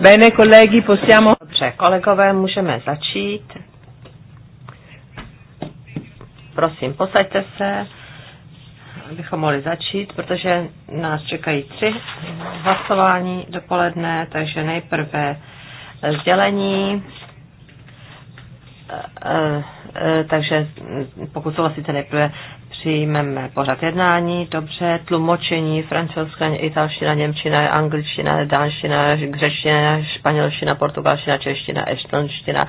Bene, colleghi, possiamo... Dobře, kolegové, můžeme začít. Prosím, posaďte se, abychom mohli začít, protože nás čekají tři hlasování dopoledne, takže nejprve sdělení. Eh, eh, eh, takže pokud souhlasíte nejprve přijmeme pořad jednání, dobře, tlumočení, francouzština, italština, němčina, angličtina, dánština, řečtina, španělština, portugalština, čeština, estonština,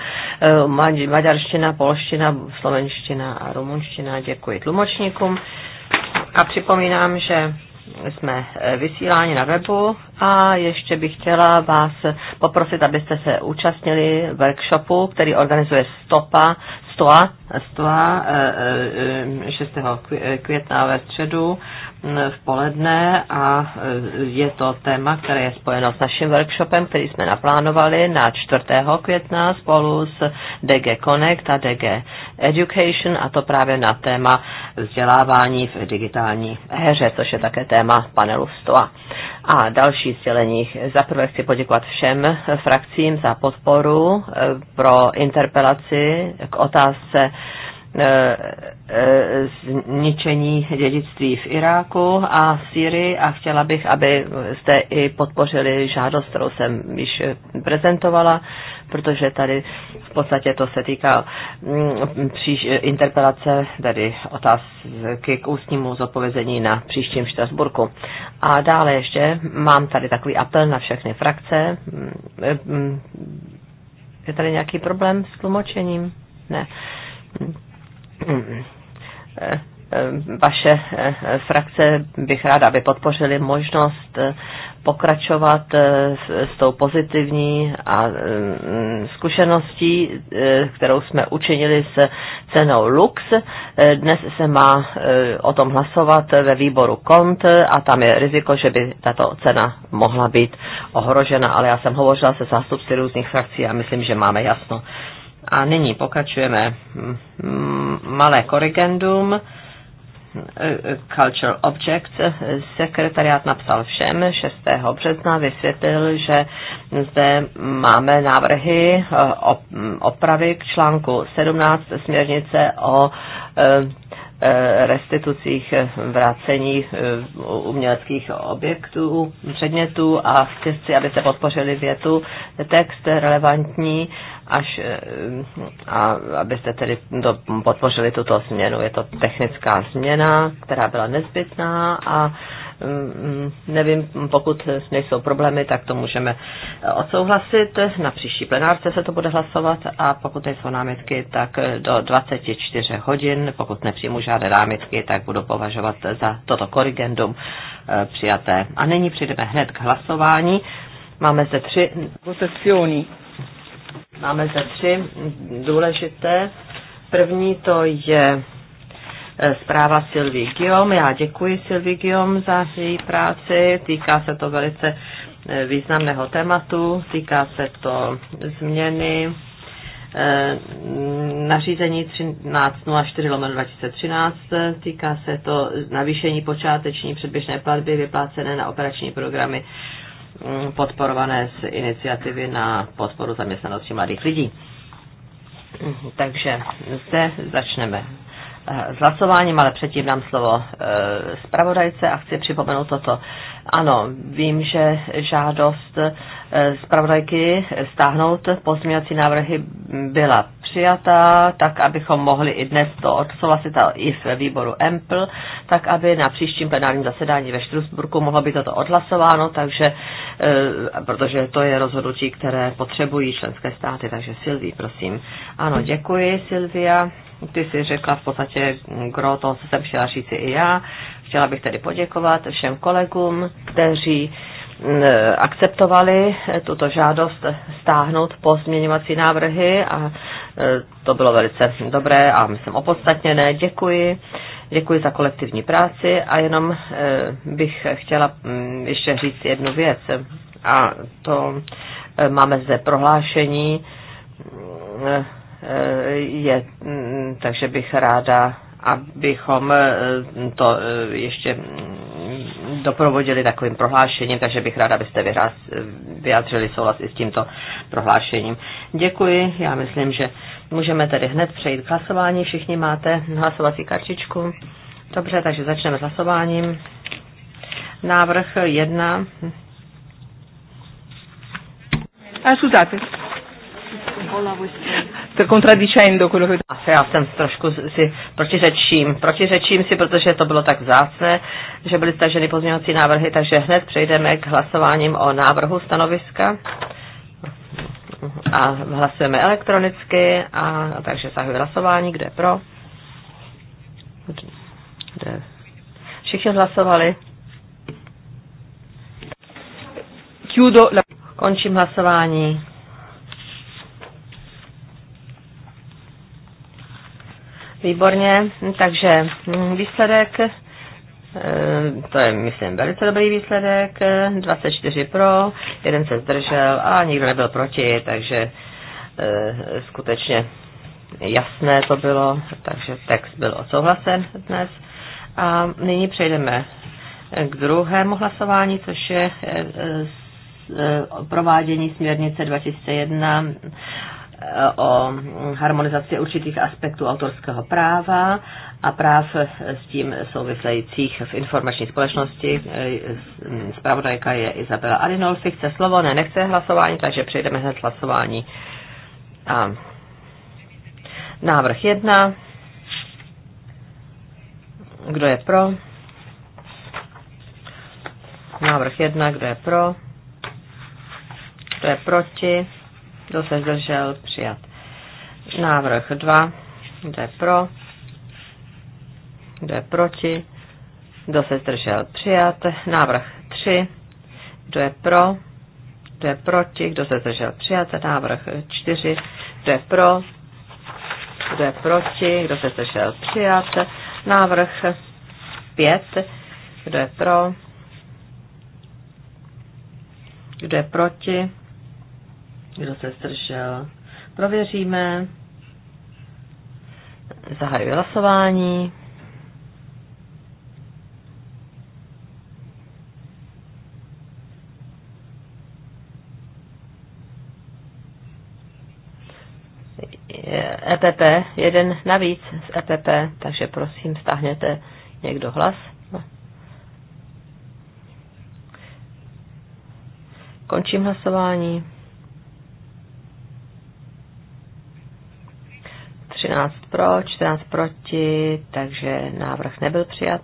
eh, maďarština, polština, slovenština a rumunština. Děkuji tlumočníkům a připomínám, že jsme eh, vysíláni na webu a ještě bych chtěla vás poprosit, abyste se účastnili workshopu, který organizuje STOPA, STOA, STOA 6. Eh, eh, eh, května ve středu mm, v poledne a je to téma, které je spojeno s naším workshopem, který jsme naplánovali na 4. května spolu s DG Connect a DG Education a to právě na téma vzdělávání v digitální éře, což je také téma panelu STOA a další Za Zaprvé chci poděkovat všem frakcím za podporu eh, pro interpelaci k otázce eh, eh, zničení dědictví v Iráku a v Syrii a chtěla bych, aby jste i podpořili žádost, kterou jsem již prezentovala protože tady v podstatě to se týká mm, příš, interpelace, tady otázky k ústnímu zodpovězení na příštím Štrasburku. A dále ještě mám tady takový apel na všechny frakce. Mm, mm, je tady nějaký problém s tlumočením? Ne. Eh, eh, vaše eh, frakce bych ráda, aby podpořili možnost pokračovat eh, s tou pozitivní a mm, zkušeností, eh, kterou jsme učinili s cenou Lux. Eh, dnes se má o tom hlasovat ve výboru KONT a tam je riziko, že by tato cena mohla být ohrožena, ale já jsem hovořila se zástupci různých frakcí a myslím, že máme jasno. A nyní pokračujeme. Mm, mm, malé korrigendum Cultural Objects sekretariát napsal všem 6. března, vysvětlil, že zde máme návrhy eh, opravy k článku 17 směrnice o eh, Eh, restitucích, eh, vrácení eh, uměleckých objektů, předmětů a chci, aby se podpořili větu text relevantní až a abyste tedy do, podpořili tuto změnu. Je to technická změna, která byla nezbytná a Mm, nevím, pokud nejsou problémy, tak to můžeme odsouhlasit. Na příští plenárce se to bude hlasovat a pokud nejsou námitky, tak do 24 hodin, pokud nepřijmu žádné námitky, tak budu považovat za toto korrigendum eh, přijaté. A nyní přijdeme hned k hlasování. Máme zde tři votacioni. Máme zde tři důležité. První to je zpráva Sylvie Gium. Já děkuji Sylvie Guillaume za její práci. Týká se to velice eh, významného tématu, týká se to změny eh, nařízení 13.04.2013. týká se to navýšení počáteční předběžné platby vyplácené na operační programy mm, podporované z iniciativy na podporu zaměstnanosti mladých lidí. Takže zde začneme Eh, s hlasováním, ale předtím dám slovo eh, zpravodajce a chci připomenout toto. Ano, vím, že žádost eh, zpravodajky stáhnout pozměňovací návrhy byla přijata, tak abychom mohli i dnes to odsouhlasit i v výboru EMPL, tak aby na příštím plenárním zasedání ve Štrusburku mohlo být toto odhlasováno, takže, protože to je rozhodnutí, které potřebují členské státy. Takže Silví, prosím. Ano, děkuji, Silvia ty jsi řekla v podstatě gro toho, co jsem chtěla říct i já. Chtěla bych tedy poděkovat všem kolegům, kteří mm, akceptovali eh, tuto žádost stáhnout pozměňovací návrhy a eh, to bylo velice dobré a myslím opodstatněné. Děkuji. Děkuji za kolektivní práci a jenom eh, bych chtěla mm, ještě říct jednu věc. A to máme zde prohlášení mm, Eh, je, mm, takže bych ráda, abychom eh, to eh, ještě mm, doprovodili takovým prohlášením, takže bych ráda, abyste vyjádřili souhlas i s tímto prohlášením. Děkuji, já myslím, že můžeme tedy hned přejít k hlasování. Všichni máte hlasovací kartičku. Dobře, takže začneme s hlasováním. Návrh jedna. A scusate contraddicendo quello che... Asi já jsem trošku si protiřečím. Protiřečím si, protože to bylo tak vzácné, že byly staženy pozměňovací návrhy, takže hned přejdeme k hlasováním o návrhu stanoviska. A hlasujeme elektronicky, a, takže zahajuji hlasování, kde pro. Kde? Všichni hlasovali. Končím hlasování. Výborně, takže výsledek, eh, to je, myslím, velice dobrý výsledek, 24 pro, jeden se zdržel a nikdo nebyl proti, takže eh, skutečně jasné to bylo, takže text byl odsouhlasen dnes. A nyní přejdeme k druhému hlasování, což je eh, provádění směrnice 2001 o harmonizaci určitých aspektů autorského práva a práv s tím souvisejících v informační společnosti. Zpravodajka je Izabela Arinolfi. Chce slovo? Ne, nechce hlasování, takže přejdeme hned hlasování. A návrh jedna. Kdo je pro? Návrh jedna. Kdo je pro? Kdo je proti? kdo se zdržel, přijat. Návrh 2, kdo je pro, kdo je proti, kdo se zdržel, přijat. Návrh 3, kdo je pro, kdo je proti, kdo se zdržel, přijat. Návrh 4, kdo je pro, kdo je proti, kdo se zdržel, přijat. Návrh 5, kdo je pro, kdo je proti, kdo se zdržel? Prověříme. Zahajuji hlasování. EPP, e jeden navíc z EPP, takže prosím, stáhněte někdo hlas. Končím hlasování. 13 pro, 14 proti, takže návrh nebyl přijat.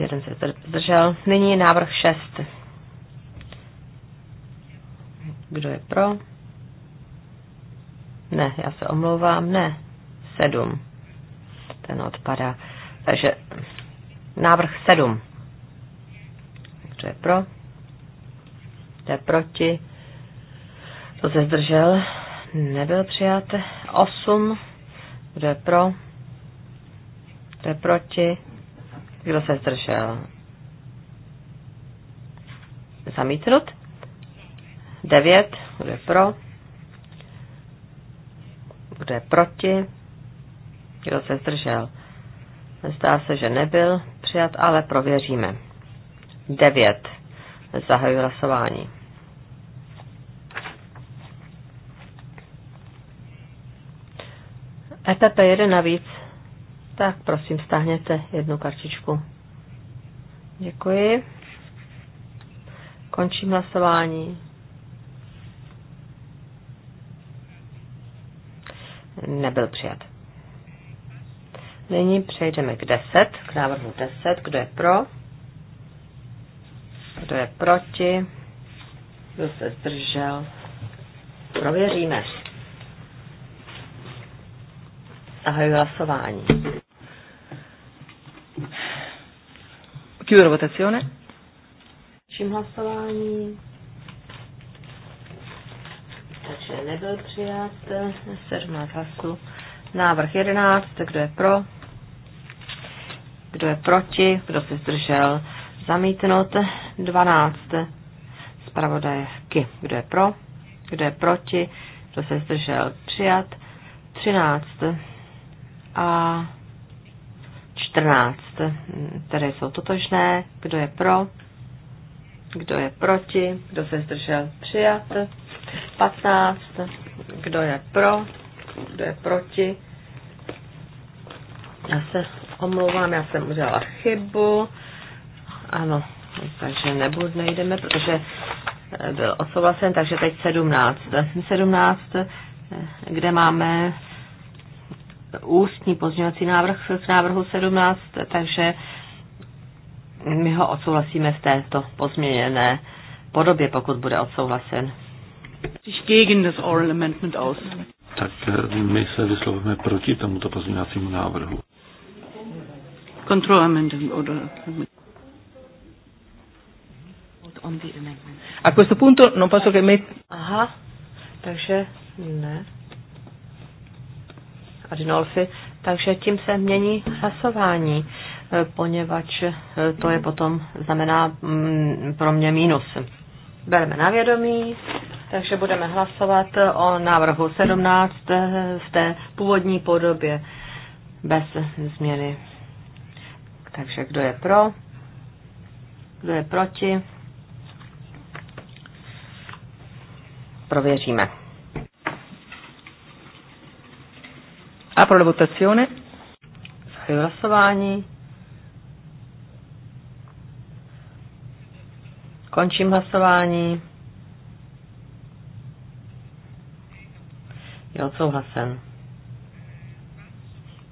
Jeden se zdržel. Nyní je návrh 6. Kdo je pro? Ne, já se omlouvám, ne. 7. Ten odpadá. Takže návrh 7. Kdo je pro? Kdo je proti? Kdo se zdržel? Nebyl přijat. 8 kdo je pro? Kdo je proti? Kdo se zdržel? Zamítnut. 9. Kdo je pro? Kdo je proti? Kdo se zdržel? Zdá se, že nebyl přijat, ale prověříme. 9. Zahajuji hlasování. EPP jede navíc. Tak prosím, stáhněte jednu kartičku. Děkuji. Končím hlasování. Nebyl přijat. Nyní přejdeme k 10, k návrhu 10. Kdo je pro? Kdo je proti? Kdo se zdržel? Prověříme. Zahajuji hlasování. Chiudo votazione. Čím hlasování? Takže nebyl přijat Sedm hlasů. Návrh 11, kdo je pro? Kdo je proti? Kdo se zdržel? Zamítnout 12 zpravodajky. Kdo je pro? Kdo je proti? Kdo se zdržel? Přijat 13 a 14, které jsou totožné. Kdo je pro? Kdo je proti? Kdo se zdržel? Přijat. 15. Kdo je pro? Kdo je proti? Já se omlouvám, já jsem udělala chybu. Ano, takže nebudu, nejdeme, protože byl odsouhlasen, takže teď 17. 17, kde máme ústní pozměňovací návrh z návrhu 17, takže my ho odsouhlasíme v této pozměněné podobě, pokud bude odsouhlasen. Tak eh, my se vyslovíme proti tomuto pozměňovacímu návrhu. A questo punto non posso che met... Aha, takže ne. Adinolfi, takže tím se mění hlasování, e, poněvadž e, to je potom, znamená mm, pro mě mínus. Bereme na vědomí, takže budeme hlasovat o návrhu 17 e, v té původní podobě bez změny. Takže kdo je pro? Kdo je proti? Prověříme. Apro la votazione. Zahajuji hlasování. Končím hlasování. Je odsouhlasen.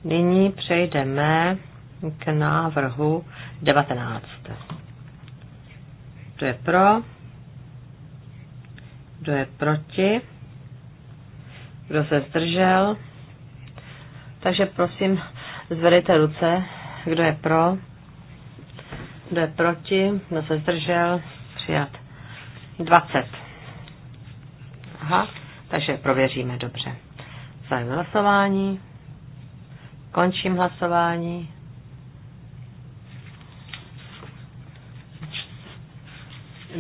Nyní přejdeme k návrhu 19. Kdo je pro? Kdo je proti? Kdo se zdržel? Takže prosím, zvedejte ruce, kdo je pro, kdo je proti, kdo se zdržel, přijat. 20. Aha, takže prověříme, dobře. Zajím hlasování, končím hlasování.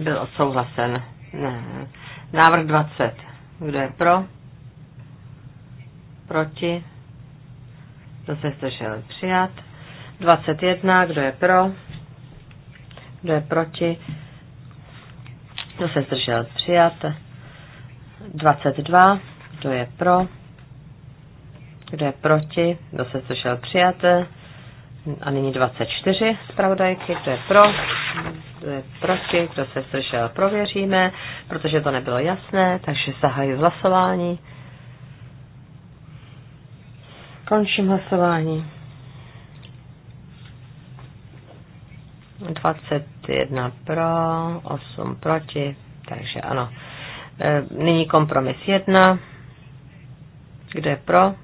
Byl odsouhlasen. Ne. Návrh 20. Kdo je pro? Proti? kdo se zdržel přijat. 21, kdo je pro, kdo je proti, kdo se zdržel přijat. 22, kdo je pro, kdo je proti, kdo se zdržel přijat. A nyní 24 zpravodajky, kdo je pro, kdo je proti, kdo se zdržel, prověříme, protože to nebylo jasné, takže zahajuji hlasování. Končím hlasování. 21 pro, 8 proti, takže ano. E, nyní kompromis 1. Kdo je pro?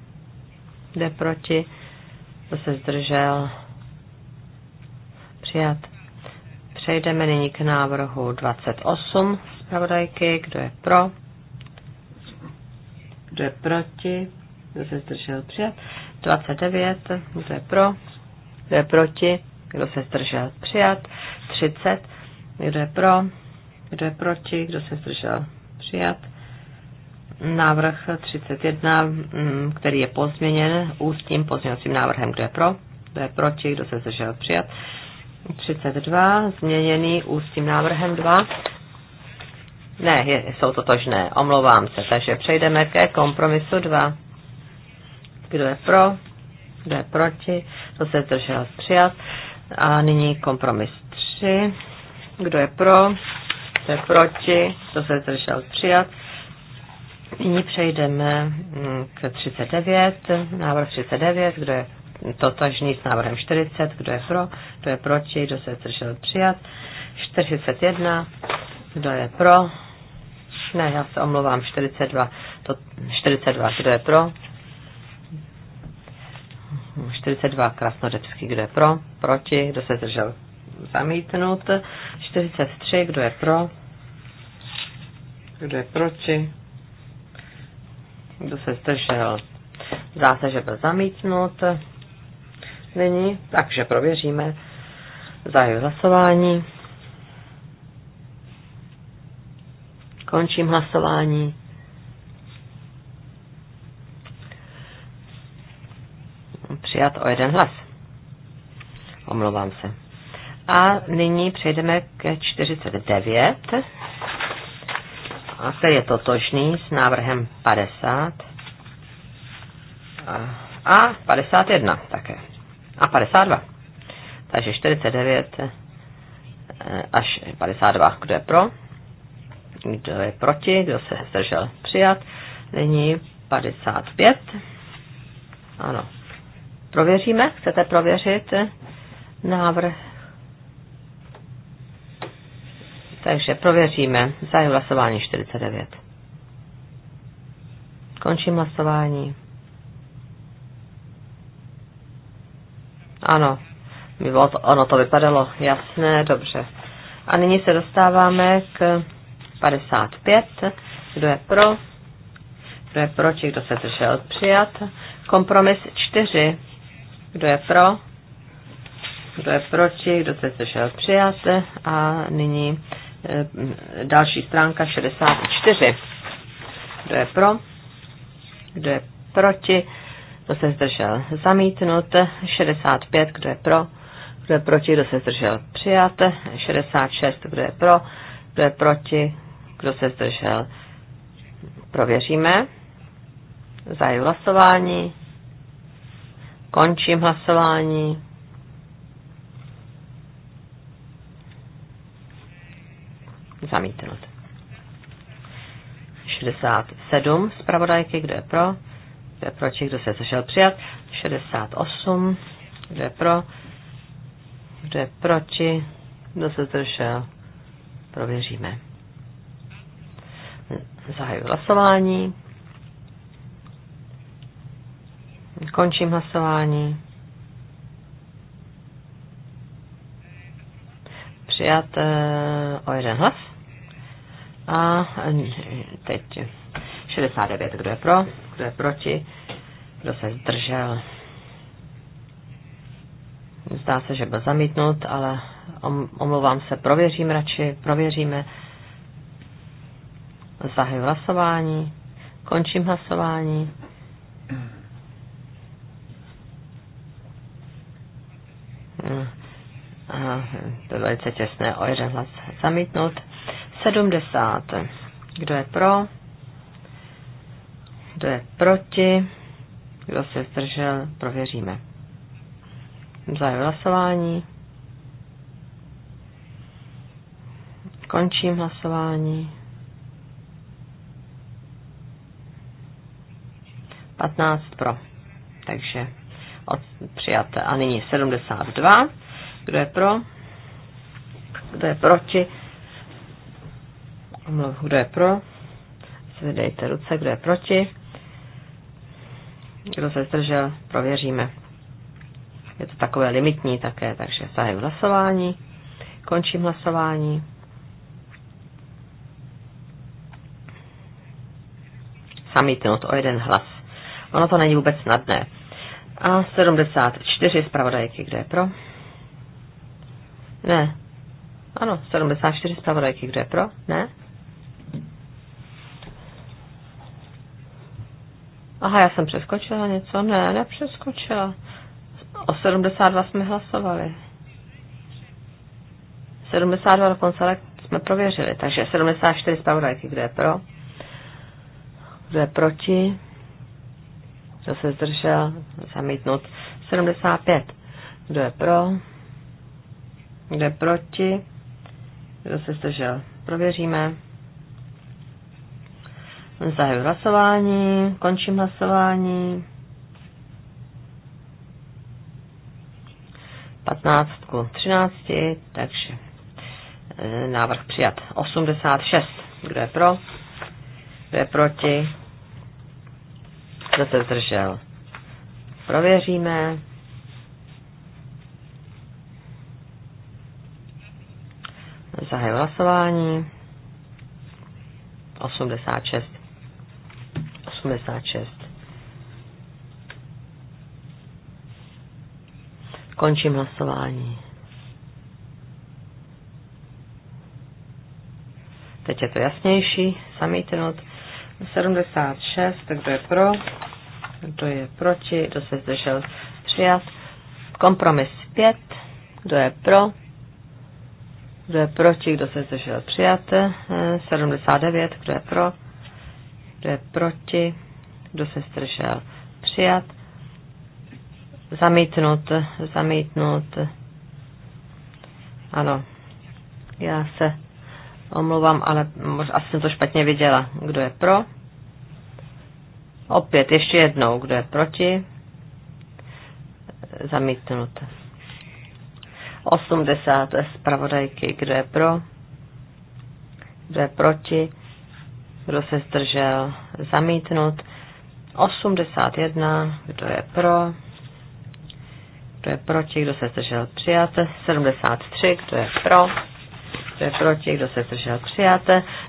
Kdo je proti? Kdo se zdržel? Přijat. Přejdeme nyní k návrhu 28 zpravodajky. Kdo je pro? Kdo je proti? kdo se zdržel přijat, 29, kdo je pro, kdo je proti, kdo se zdržel přijat, 30, kdo je pro, kdo je proti, kdo se zdržel přijat, návrh 31, mm, který je pozměněn ústním pozměňovacím návrhem, kdo je pro, kdo je proti, kdo se zdržel přijat, 32, změněný ústním návrhem 2, ne, je, jsou totožné, omlouvám se. Takže přejdeme ke kompromisu 2. Kdo je pro? Kdo je proti? to se zdržel? Přijat. A nyní kompromis 3. Kdo je pro? Kdo je proti? to se zdržel? Přijat. Nyní přejdeme k 39, návrh 39, kdo je totožný s návrhem 40, kdo je pro, kdo je proti, kdo se zdržel přijat, 41, mm, kdo je pro, ne, já se omlouvám, 42, to, 42, kdo je pro, 42 Krasnodebský, kdo je pro, proti, kdo se zdržel zamítnut, 43, kdo je pro, kdo je proti, kdo se zdržel, zdá se, že byl zamítnut, není, takže prověříme, zahajuji hlasování, končím hlasování, přijat o jeden hlas. Omlouvám se. A nyní přejdeme ke 49, a který je totožný s návrhem 50 a 51 také. A 52. Takže 49 eh, až 52. Kdo je pro? Kdo je proti? Kdo se zdržel přijat? Nyní 55. Ano, Prověříme? Chcete prověřit návrh? Takže prověříme. Zahajuji hlasování 49. Končím hlasování. Ano, to, ono to vypadalo jasné, dobře. A nyní se dostáváme k 55. Kdo je pro? Kdo je proti? Kdo se držel? Přijat. Kompromis 4. Kdo je pro? Kdo je proti? Kdo se sešel? Přijat. A nyní eh, další stránka 64. Kdo je pro? Kdo je proti? Kdo se zdržel? Zamítnut. 65. Kdo je pro? Kdo je proti? Kdo se zdržel? Přijat. 66. Kdo je pro? Kdo je proti? Kdo se zdržel? Prověříme. Zahajuji hlasování. Končím hlasování. Zamítnout. 67 zpravodajky, kdo je pro, kdo je proti, kdo se zašel přijat. 68, kdo je pro, kdo je proti, kdo se zdržel. Prověříme. Zahajuji hlasování. Končím hlasování. Přijat eh, o jeden hlas. A eh, teď 69. Kdo je pro? Kdo je proti? Kdo se zdržel? Zdá se, že byl zamítnut, ale omlouvám se, prověřím radši, prověříme. Zahajuji hlasování, končím hlasování. to je velice těsné, o jeden hlas zamítnut. 70. Kdo je pro? Kdo je proti? Kdo se zdržel? Prověříme. Zajím hlasování. Končím hlasování. 15 pro. Takže od, přijat. A nyní 72. Kdo je pro? Kdo je proti? Omlouvám, kdo je pro? Zvedejte ruce, kdo je proti? Kdo se zdržel? Prověříme. Je to takové limitní také, takže zahajuji hlasování. Končím hlasování. Samítnout o jeden hlas. Ono to není vůbec snadné. A 74 zpravodajky, kde je pro? Ne. Ano, 74 zpravodajky, kdo je pro? Ne? Aha, já jsem přeskočila něco? Ne, nepřeskočila. O 72 jsme hlasovali. 72 dokonce jsme prověřili, takže 74 zpravodajky, kdo je pro? Kdo je proti? Kdo se zdržel? Zamítnout. 75. Kdo je pro? Kdo je proti? Kdo se zdržel? Prověříme. Zahajuji hlasování, končím hlasování. 15 k 13, takže eh, návrh přijat. 86. Kdo je pro? Kdo je proti? Kdo se zdržel? Prověříme. Zahajuji hlasování. 86. 86. Končím hlasování. Teď je to jasnější. Samý tenot 76, tak kdo je pro, kdo je proti, kdo se zdržel přijat. Kompromis 5, kdo je pro, kdo je proti? Kdo se zdržel? Přijat. 79. Kdo je pro? Kdo je proti? Kdo se zdržel? Přijat. Zamítnut. Zamítnut. Ano. Já se omlouvám, ale asi jsem to špatně viděla. Kdo je pro? Opět, ještě jednou. Kdo je proti? Zamítnut. 80. zpravodajky, kdo je pro, kdo je proti, kdo se zdržel, zamítnut. 81, kdo je pro, kdo je proti, kdo se zdržel, přijat. 73, kdo je pro, kdo je proti, kdo se zdržel, přijat.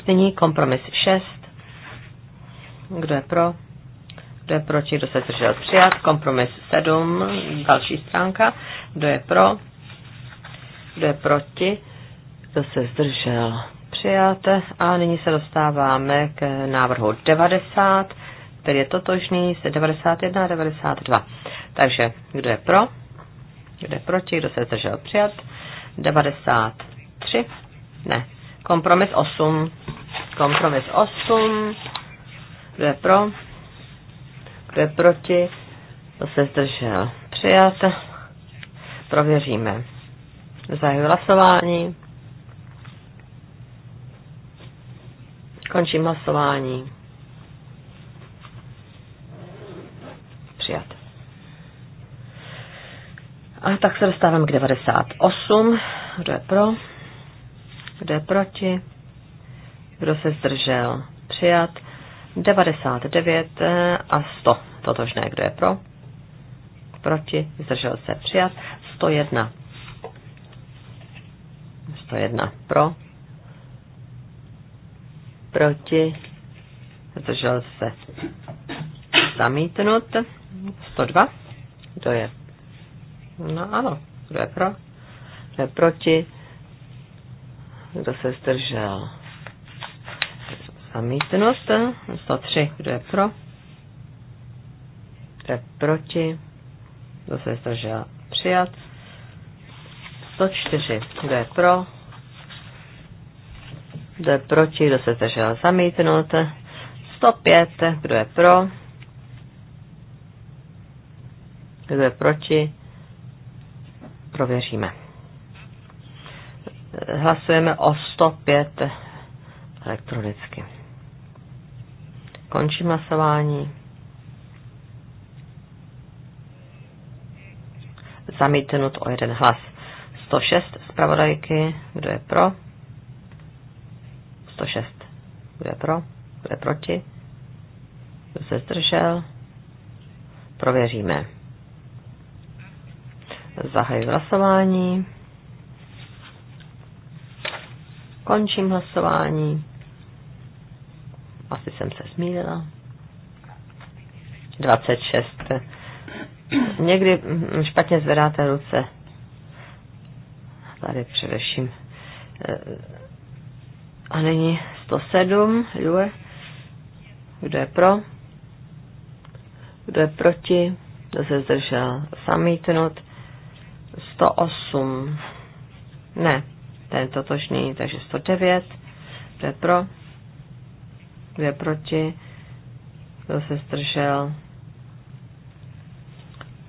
Nyní kompromis 6, kdo je pro, kdo je proti, kdo se zdržel, přijat. Kompromis 7, další stránka, kdo je pro, kdo je proti? Kdo se zdržel? Přijáte. A nyní se dostáváme k návrhu 90, který je totožný se 91 a 92. Takže kdo je pro? Kdo je proti? Kdo se zdržel? Přijat. 93. Ne. Kompromis 8. Kompromis 8. Kdo je pro? Kdo je proti? Kdo se zdržel? Přijat. Prověříme. Zahajuji hlasování. Končím hlasování. Přijat. A tak se dostávám k 98. Kdo je pro? Kdo je proti? Kdo se zdržel? Přijat. 99 eh, a 100. Totožné. Kdo je pro? Proti? Zdržel se? Přijat. 101 101 pro, proti, zdržel se zamítnut, 102, kdo je, no ano, kdo je pro, kdo je proti, kdo se zdržel zamítnut, 103, kdo je pro, kdo je proti, kdo se zdržel přijat, 104, kdo je pro, kdo je proti, kdo se zdržel zamítnout. 105, kdo je pro, kdo je proti, prověříme. Hlasujeme o 105 elektronicky. Končím hlasování. Zamítnut o jeden hlas. 106 zpravodajky, kdo je pro? 106. Kdo je pro? Kdo je proti? Kdo se zdržel? Prověříme. Zahajuji hlasování. Končím hlasování. Asi jsem se smílila. 26. Někdy špatně zvedáte ruce. Tady především eh, a nyní 107, Jue. Kdo je pro? Kdo je proti? Kdo se zdržel? Samítnut. 108. Ne, ten je totožný, takže 109. Kdo je pro? Kdo je proti? Kdo se zdržel?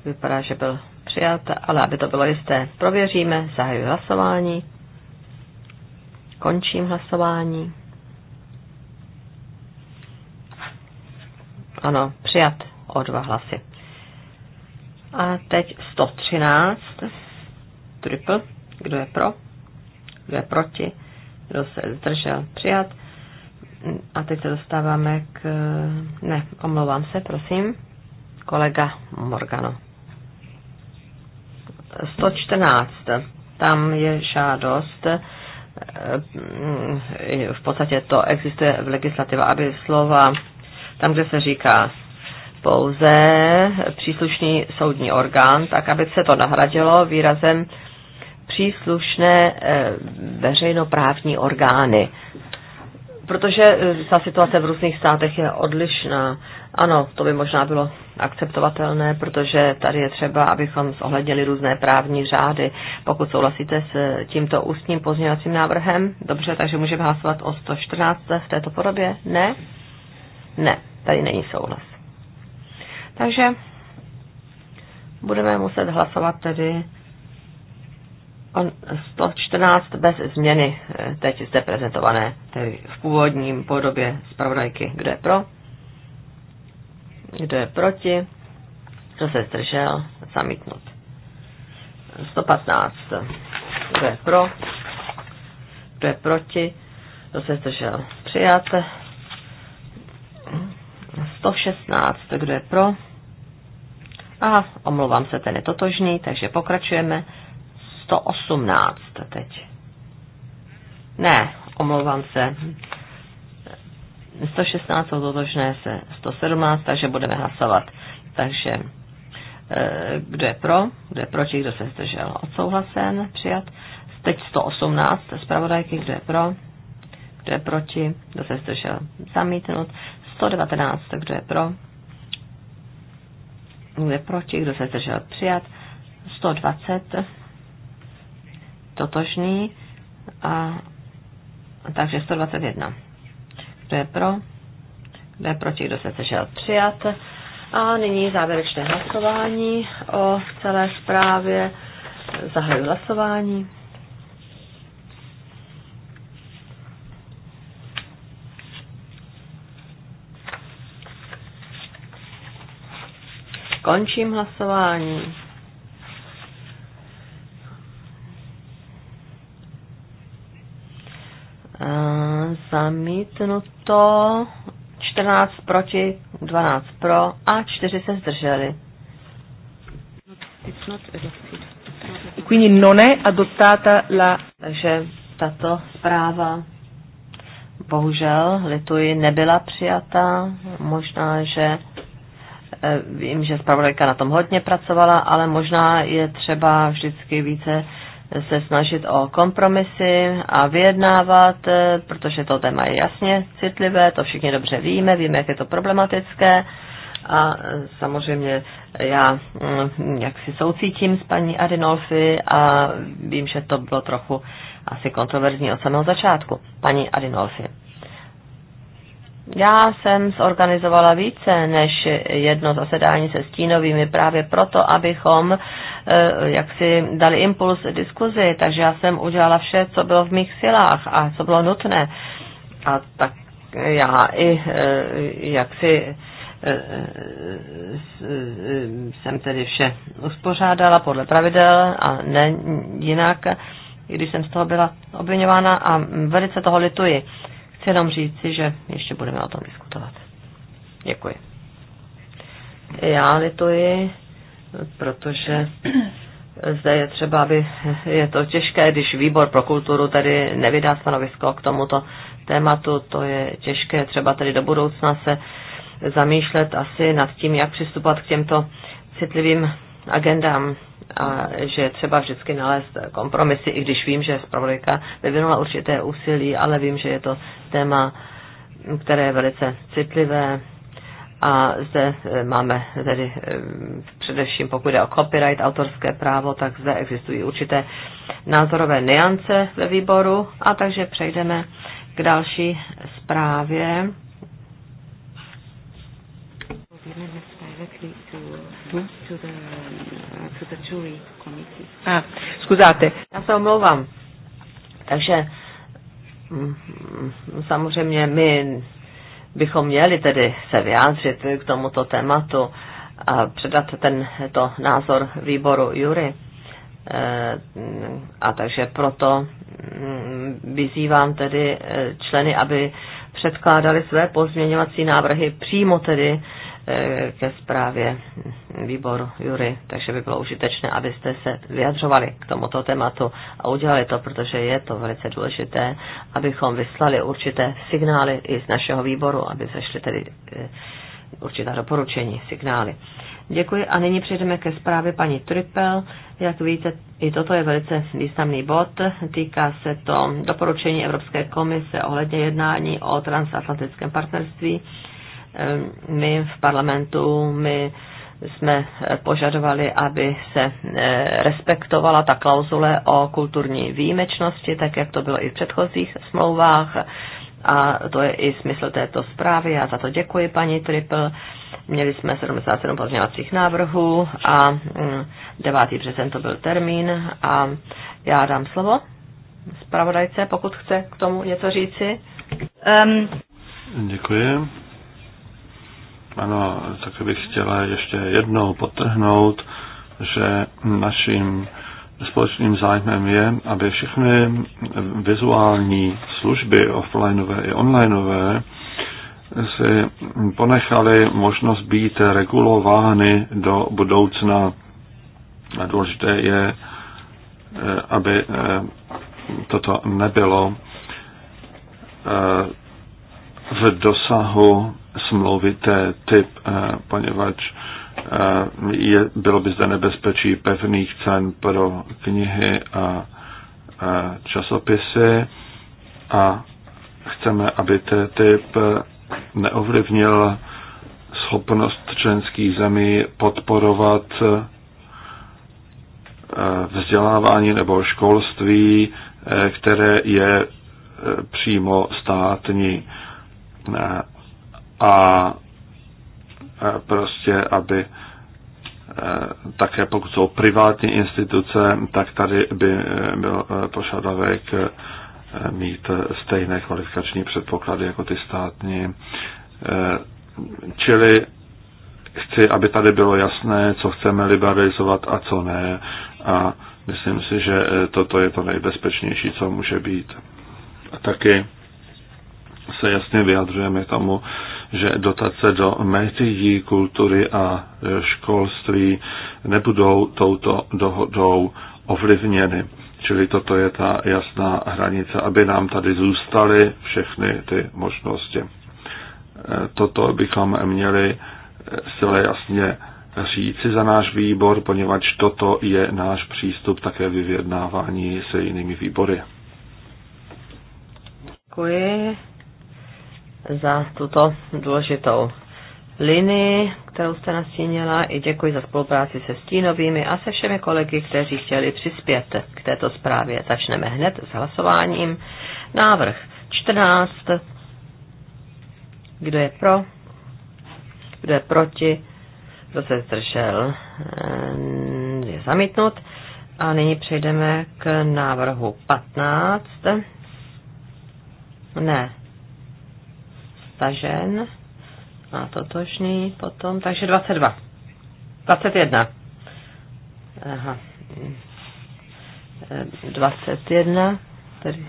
Vypadá, že byl přijat, ale aby to bylo jisté, prověříme, zahajuji hlasování. Končím hlasování. Ano, přijat o dva hlasy. A teď 113. Triple. Kdo je pro? Kdo je proti? Kdo se zdržel? Přijat. A teď se dostáváme k... Ne, omlouvám se, prosím. Kolega Morgano. 114. Tam je žádost Eh, mm, v podstatě to existuje v legislativě, aby slova tam, kde se říká pouze příslušný soudní orgán, tak aby se to nahradilo výrazem příslušné eh, veřejnoprávní orgány. Protože ta situace v různých státech je odlišná ano, to by možná bylo akceptovatelné, protože tady je třeba, abychom zohlednili různé právní řády. Pokud souhlasíte s tímto ústním pozměňovacím návrhem, dobře, takže můžeme hlasovat o 114 v této podobě? Ne? Ne, tady není souhlas. Takže budeme muset hlasovat tedy o 114 bez změny, eh, teď zde prezentované, tedy v původním podobě zpravodajky. Kdo je pro? Kdo je proti? Kdo se zdržel? Zamítnut. 115. Kdo je pro? Kdo je proti? Kdo se zdržel? Přijat. 116. Kdo je pro? A omlouvám se, ten je totožný, takže pokračujeme. 118 teď. Ne, omlouvám se. 116 jsou totožné se 117, takže budeme hlasovat. Takže eh, kdo je pro, kdo je proti, kdo se zdržel. Odsouhlasen, přijat. Teď 118 zpravodajky, kdo je pro, kdo je proti, kdo se zdržel. Zamítnut. 119, kdo je pro, kdo je proti, kdo se zdržel. Přijat. 120 totožný a takže 121 kdo je pro? Kdo je proti? Kdo se sešel Přijat. A nyní závěrečné hlasování o celé zprávě. Zahajuji hlasování. Končím hlasování. Eh, zamítnuto, 14 proti, 12 pro a 4 se zdrželi. Quindi non è adottata la... Takže tato zpráva bohužel, lituji, nebyla přijata. Možná, že eh, vím, že zpravodajka na tom hodně pracovala, ale možná je třeba vždycky více se snažit o kompromisy a vyjednávat, eh, protože to téma je jasně citlivé, to všichni dobře víme, víme, jak je to problematické. A eh, samozřejmě já mm, jak si soucítím s paní Adinolfi a vím, že to bylo trochu asi kontroverzní od samého začátku. Paní Adinolfi. Já jsem zorganizovala více než jedno zasedání se stínovými právě proto, abychom eh, jak si dali impuls diskuzi, takže já jsem udělala vše, co bylo v mých silách a co bylo nutné. A tak já i eh, jak si eh, jsem tedy vše uspořádala podle pravidel a ne jinak, když jsem z toho byla obvinována a velice toho lituji. Chci jenom říci, že ještě budeme o tom diskutovat. Děkuji. Já lituji, protože zde je třeba, aby je to těžké, když výbor pro kulturu tady nevydá stanovisko k tomuto tématu, to je těžké třeba tady do budoucna se zamýšlet asi nad tím, jak přistupovat k těmto citlivým agendám a že je třeba vždycky nalézt kompromisy, i když vím, že zpravodajka vyvinula určité úsilí, ale vím, že je to téma, které je velice citlivé a zde eh, máme tedy eh, především, pokud je o copyright, autorské právo, tak zde existují určité názorové niance ve výboru a takže přejdeme k další zprávě directly to, to? to, the, uh, to the jury committee. Ah, scusate. Já se omlouvám. Takže mm, mm, samozřejmě my bychom měli tedy se vyjádřit k tomuto tématu a předat ten, to názor výboru Jury. E, a takže proto mm, vyzývám tedy e, členy, aby předkládali své pozměňovací návrhy přímo tedy Eh, ke zprávě výboru Jury, takže by bylo užitečné, abyste se vyjadřovali k tomuto tématu a udělali to, protože je to velice důležité, abychom vyslali určité signály i z našeho výboru, aby zašly tedy eh, určitá doporučení, signály. Děkuji a nyní přejdeme ke zprávě paní Tripel. Jak víte, i toto je velice významný bod. Týká se to doporučení Evropské komise ohledně jednání o transatlantickém partnerství Eh, my v parlamentu, my jsme eh, požadovali, aby se eh, respektovala ta klauzule o kulturní výjimečnosti, tak jak to bylo i v předchozích smlouvách. A to je i smysl této zprávy. Já za to děkuji, paní Triple. Měli jsme 77 pozměňovacích návrhů a 9. Mm, březen to byl termín. A já dám slovo zpravodajce, pokud chce k tomu něco říci. Um. Děkuji. Ano, tak bych chtěla ještě jednou potrhnout, že naším společným zájmem je, aby všechny vizuální služby offlineové i onlineové si ponechali možnost být regulovány do budoucna. A důležité je, aby eh, toto nebylo eh, v dosahu smlouvy typ, eh, poněvadž eh, je, bylo by zde nebezpečí pevných cen pro knihy a eh, časopisy a chceme, aby typ neovlivnil schopnost členských zemí podporovat vzdělávání nebo školství, které je přímo státní a e, prostě, aby e, také pokud jsou privátní instituce, tak tady by e, byl požadavek mít stejné kvalifikační předpoklady jako ty státní. Čili chci, aby tady bylo jasné, co chceme liberalizovat a co ne. A myslím si, že toto je to nejbezpečnější, co může být. A taky se jasně vyjadřujeme tomu, že dotace do médií, kultury a e, školství nebudou touto dohodou ovlivněny. Čili toto je ta jasná hranice, aby nám tady zůstaly všechny ty možnosti. E, toto bychom měli e, zcela jasně říci za náš výbor, poněvadž toto je náš přístup také ve vyjednávání se jinými výbory. Děkuji za tuto důležitou linii, kterou jste nastínila i děkuji za spolupráci se Stínovými a se všemi kolegy, kteří chtěli přispět k této zprávě. Začneme hned s hlasováním. Návrh 14. Kdo je pro? Kdo je proti? Kdo se zdržel? Eh, je zamítnut. A nyní přejdeme k návrhu 15. Ne, stažen a totožný potom, takže 22. 21. Aha. 21, tedy,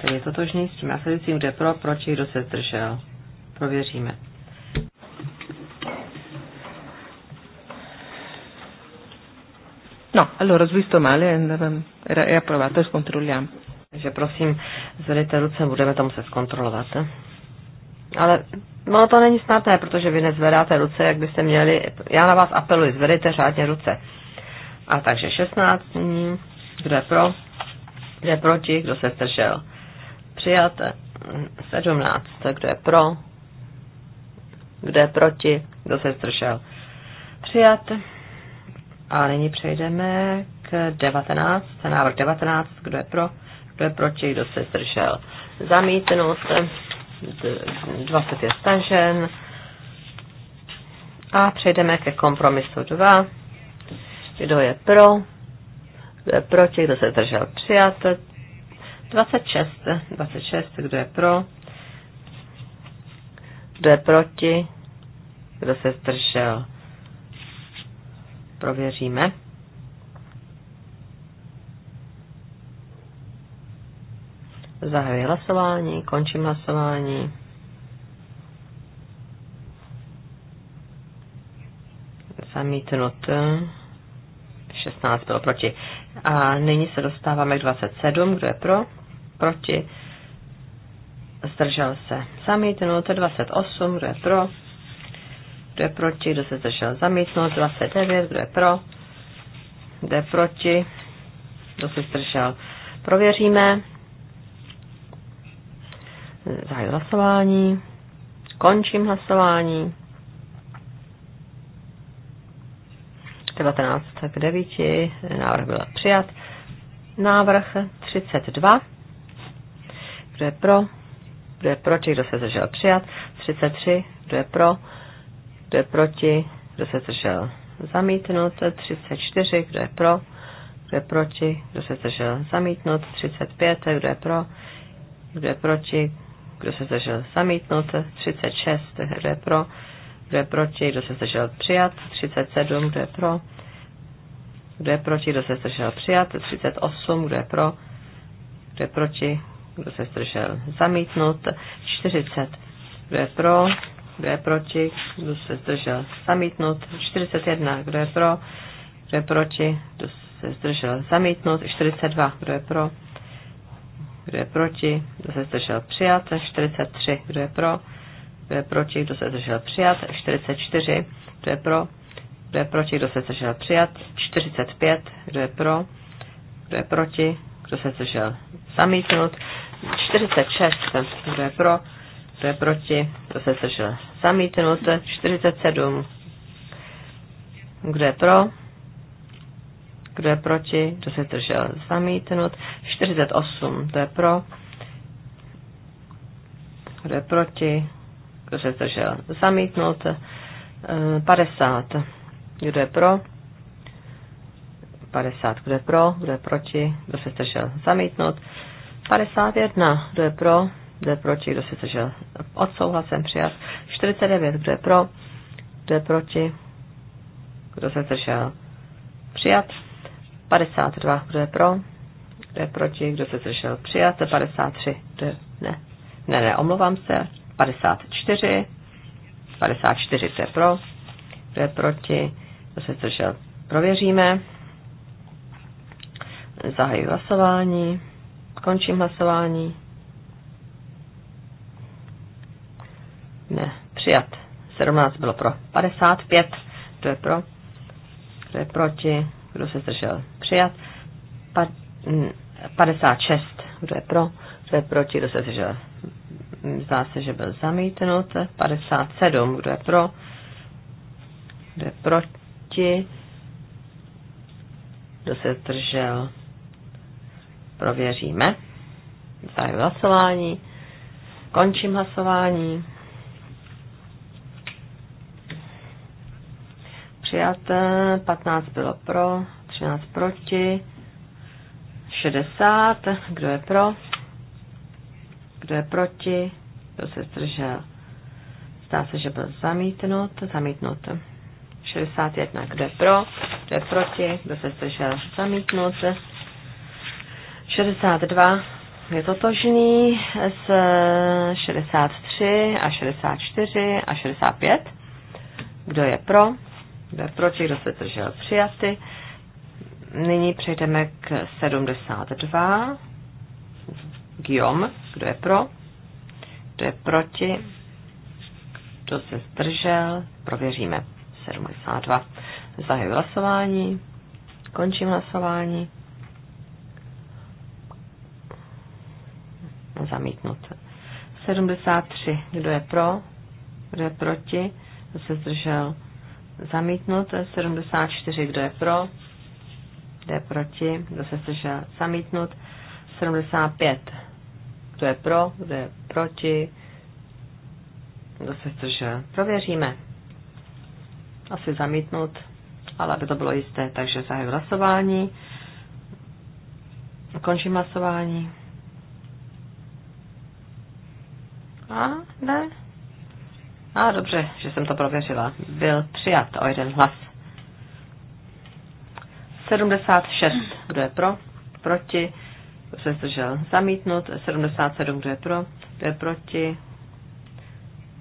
tedy je totožný s tím následujícím, kde pro, proč, kdo se zdržel. Prověříme. No, allora ho male, era, era approvato, scontrolliamo. Takže prosím, zvedejte ruce, budeme to muset zkontrolovat. Ne? Ale no, to není snadné, protože vy nezvedáte ruce, jak byste měli. Já na vás apeluji, zvedejte řádně ruce. A takže 16 dní, kdo je pro, kdo je proti, kdo se zdržel. Přijáte. 17, kdo je pro, kdo je proti, kdo se zdržel. Přijat. A nyní přejdeme k 19, návrh 19, kdo je pro, kdo je proti, kdo se zdržel. Zamítnout 20 je stažen. A přejdeme ke kompromisu 2. Kdo je pro? Kdo je proti? Kdo se držel Přijat. 26. 26. Kdo je pro? Kdo je proti? Kdo se zdržel? Prověříme. Zahajuji hlasování, končím hlasování. Zamítnut 16 bylo proti. A nyní se dostáváme k 27, kdo je pro, proti, zdržel se. Zamítnut 28, kdo je pro, kdo je proti, kdo se zdržel. Zamítnut 29, kdo je pro, kdo je proti, kdo se zdržel. Prověříme Zahajuji hlasování. Končím hlasování. 19 k 9. Návrh byl přijat. Návrh 32. Kdo je pro? Kdo je proti? Kdo se zdržel? Přijat. 33. Kdo je pro? Kdo je proti? Kdo se zdržel? Zamítnut. 34. Kdo je pro? Kdo je proti? Kdo se zdržel? Zamítnut. 35. Kdo je pro? Kdo je proti? kdo se zdržel zamítnut, 36, kdo je pro, kdo je proti, kdo se zdržel přijat, 37, kdo je pro, kdo je proti, kdo se zdržel přijat, 38, kdo je pro, kdo je proti, kdo se zdržel zamítnut, 40, kdo je pro, kdo je proti, kdo se zdržel zamítnut, 41, kdo je pro, kdo je proti, kdo se zdržel zamítnut, 42, kdo je pro, kdo je proti, kdo se zdržel přijat, 43, kdo je pro, kdo je proti, kdo se zdržel přijat, 44, kdo je pro, kdo je proti, kdo se zdržel přijat, 45, kdo je pro, kdo je proti, kdo se zdržel zamítnut, 46, kdo je pro, kdo je proti, kdo se zdržel zamítnut, 47, kdo je pro, kdo je proti, kdo se držel zamítnut, 48, kdo je pro, kdo je proti, kdo se držel zamítnut, 50, kdo je pro, 50, kdo je pro, kdo je proti, kdo se držel zamítnut, 51, kdo je pro, kdo je proti, kdo se držel odsouhlasem přijat, 49, kdo je pro, kdo je proti, kdo se držel přijat, 52, kdo je pro, kdo je proti, kdo se zdržel přijat, 53, kdo je, ne, ne, ne, omlouvám se, 54, 54, kdo je pro, kdo je proti, kdo se zdržel, prověříme, zahajuji hlasování, končím hlasování, ne, přijat, 17 bylo pro, 55, kdo je pro, kdo je proti, kdo se zdržel, přijat. 56, mm, kdo je pro, kdo je proti, kdo se zdržel. Zdá se, že byl zamítnut. 57, kdo je pro, kdo je proti, kdo se zdržel. Prověříme. Zahajuji hlasování. Končím hlasování. Přijat 15 bylo pro, 13 proti, 60, kdo je pro, kdo je proti, kdo se zdržel. Zdá se, že byl zamítnut, zamítnut. 61, kdo je pro, kdo je proti, kdo se zdržel, zamítnut. 62, je totožný s 63 a 64 a 65. Kdo je pro? Kdo je proti? Kdo se držel přijaty? nyní přejdeme k 72. Guillaume, kdo je pro? Kdo je proti? Kdo se zdržel? Prověříme. 72. Zahajuji hlasování. Končím hlasování. Zamítnut. 73. Kdo je pro? Kdo je proti? Kdo se zdržel? Zamítnut. 74. Kdo je pro? kde je proti, kdo se zdržel, zamítnut. 75, kdo je pro, kdo je proti, kdo se zdržel. Prověříme. Asi zamítnut, ale aby to bylo jisté, takže zahajuji hlasování. Končím hlasování. A ne. A dobře, že jsem to prověřila. Byl přijat o jeden hlas. 76, kdo je pro, proti, kdo se zdržel, zamítnut, 77, kdo je pro, kdo je proti,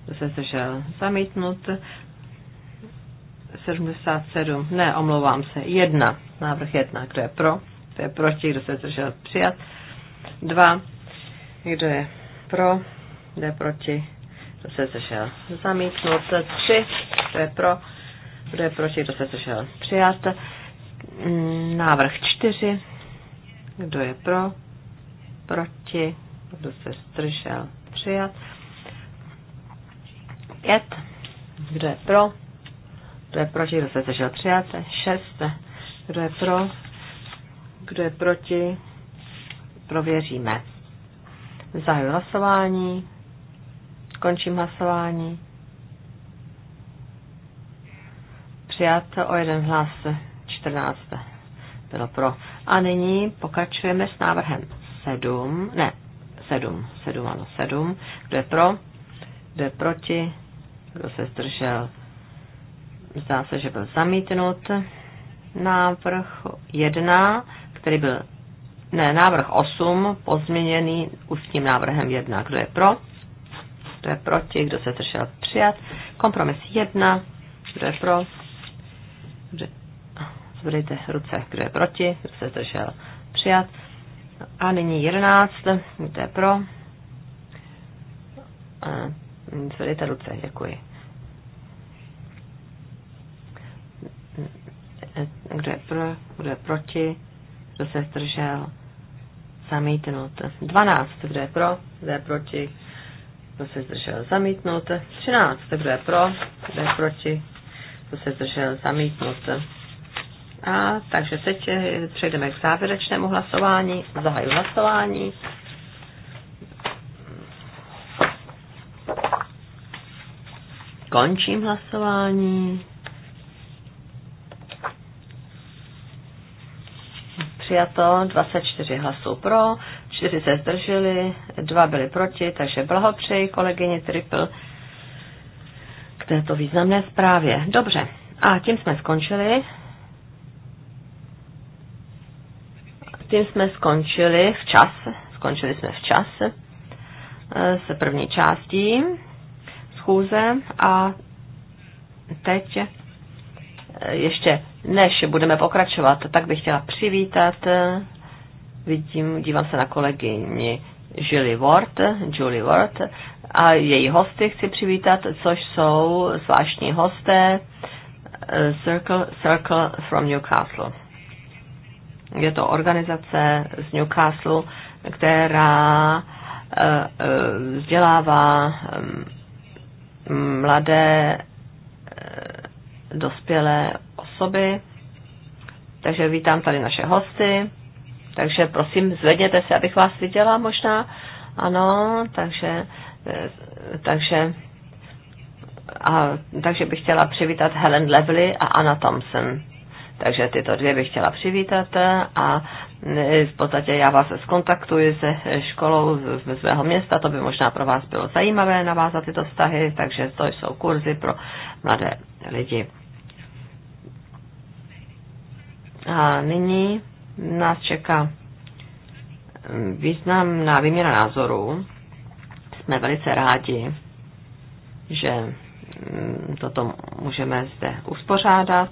kdo se zdržel, zamítnut, 77, ne, omlouvám se, 1, návrh 1, kdo je pro, kdo je proti, kdo se zdržel, přijat, 2, kdo je pro, kdo je proti, kdo se zdržel, zamítnut, 3, kdo je pro, kdo je proti, kdo se zdržel, přijat, Návrh čtyři. Kdo je pro? Proti? Kdo se zdržel? Přijat. Pět. Kdo je pro? Kdo je proti? Kdo se zdržel? Přijat. Šest. Kdo je pro? Kdo je proti? Prověříme. Zahajuji hlasování. Končím hlasování. Přijat o jeden hlas. 14 bylo pro. A nyní pokračujeme s návrhem 7, ne, 7, 7, ano, 7. Kdo je pro? Kdo je proti? Kdo se zdržel? Zdá se, že byl zamítnut. Návrh 1, který byl, ne, návrh 8, pozměněný už tím návrhem 1. Kdo je pro? Kdo je proti? Kdo se zdržel? Přijat. Kompromis 1. Kdo je pro? Kdo je zvedejte ruce, kdo je proti, kdo se zdržel přijat. A nyní 11, kdo je pro. Zvedejte ruce, děkuji. Kdo je pro, kdo je proti, kdo se zdržel, zamítnout. 12, kdo je pro, kdo je proti, kdo se zdržel, zamítnout. 13, kdo je pro, kdo je proti, kdo se zdržel, zamítnout. A takže teď přejdeme k závěrečnému hlasování. Zahaju hlasování. Končím hlasování. Přijato 24 hlasů pro, 4 se zdrželi, 2 byli proti, takže blahopřeji kolegyně Triple k této významné zprávě. Dobře, a tím jsme skončili tím jsme skončili včas, skončili jsme včas eh, se první částí schůze a teď eh, ještě než budeme pokračovat, tak bych chtěla přivítat, eh, vidím, dívám se na kolegyni Julie Ward, Julie Ward a její hosty chci přivítat, což jsou zvláštní hosté Circle, Circle from Newcastle. Je to organizace z Newcastle, která eh, eh, vzdělává mm, mladé eh, dospělé osoby. Takže vítám tady naše hosty. Takže prosím, zvedněte se, abych vás viděla možná. Ano, takže, takže, a, takže bych chtěla přivítat Helen Levely a Anna Thompson. Takže tyto dvě bych chtěla přivítat a e, v podstatě já vás skontaktuji se školou z svého města, to by možná pro vás bylo zajímavé navázat tyto vztahy, takže to jsou kurzy pro mladé lidi. A nyní nás čeká mm, významná výměna názorů. Jsme velice rádi, že mm, toto můžeme zde uspořádat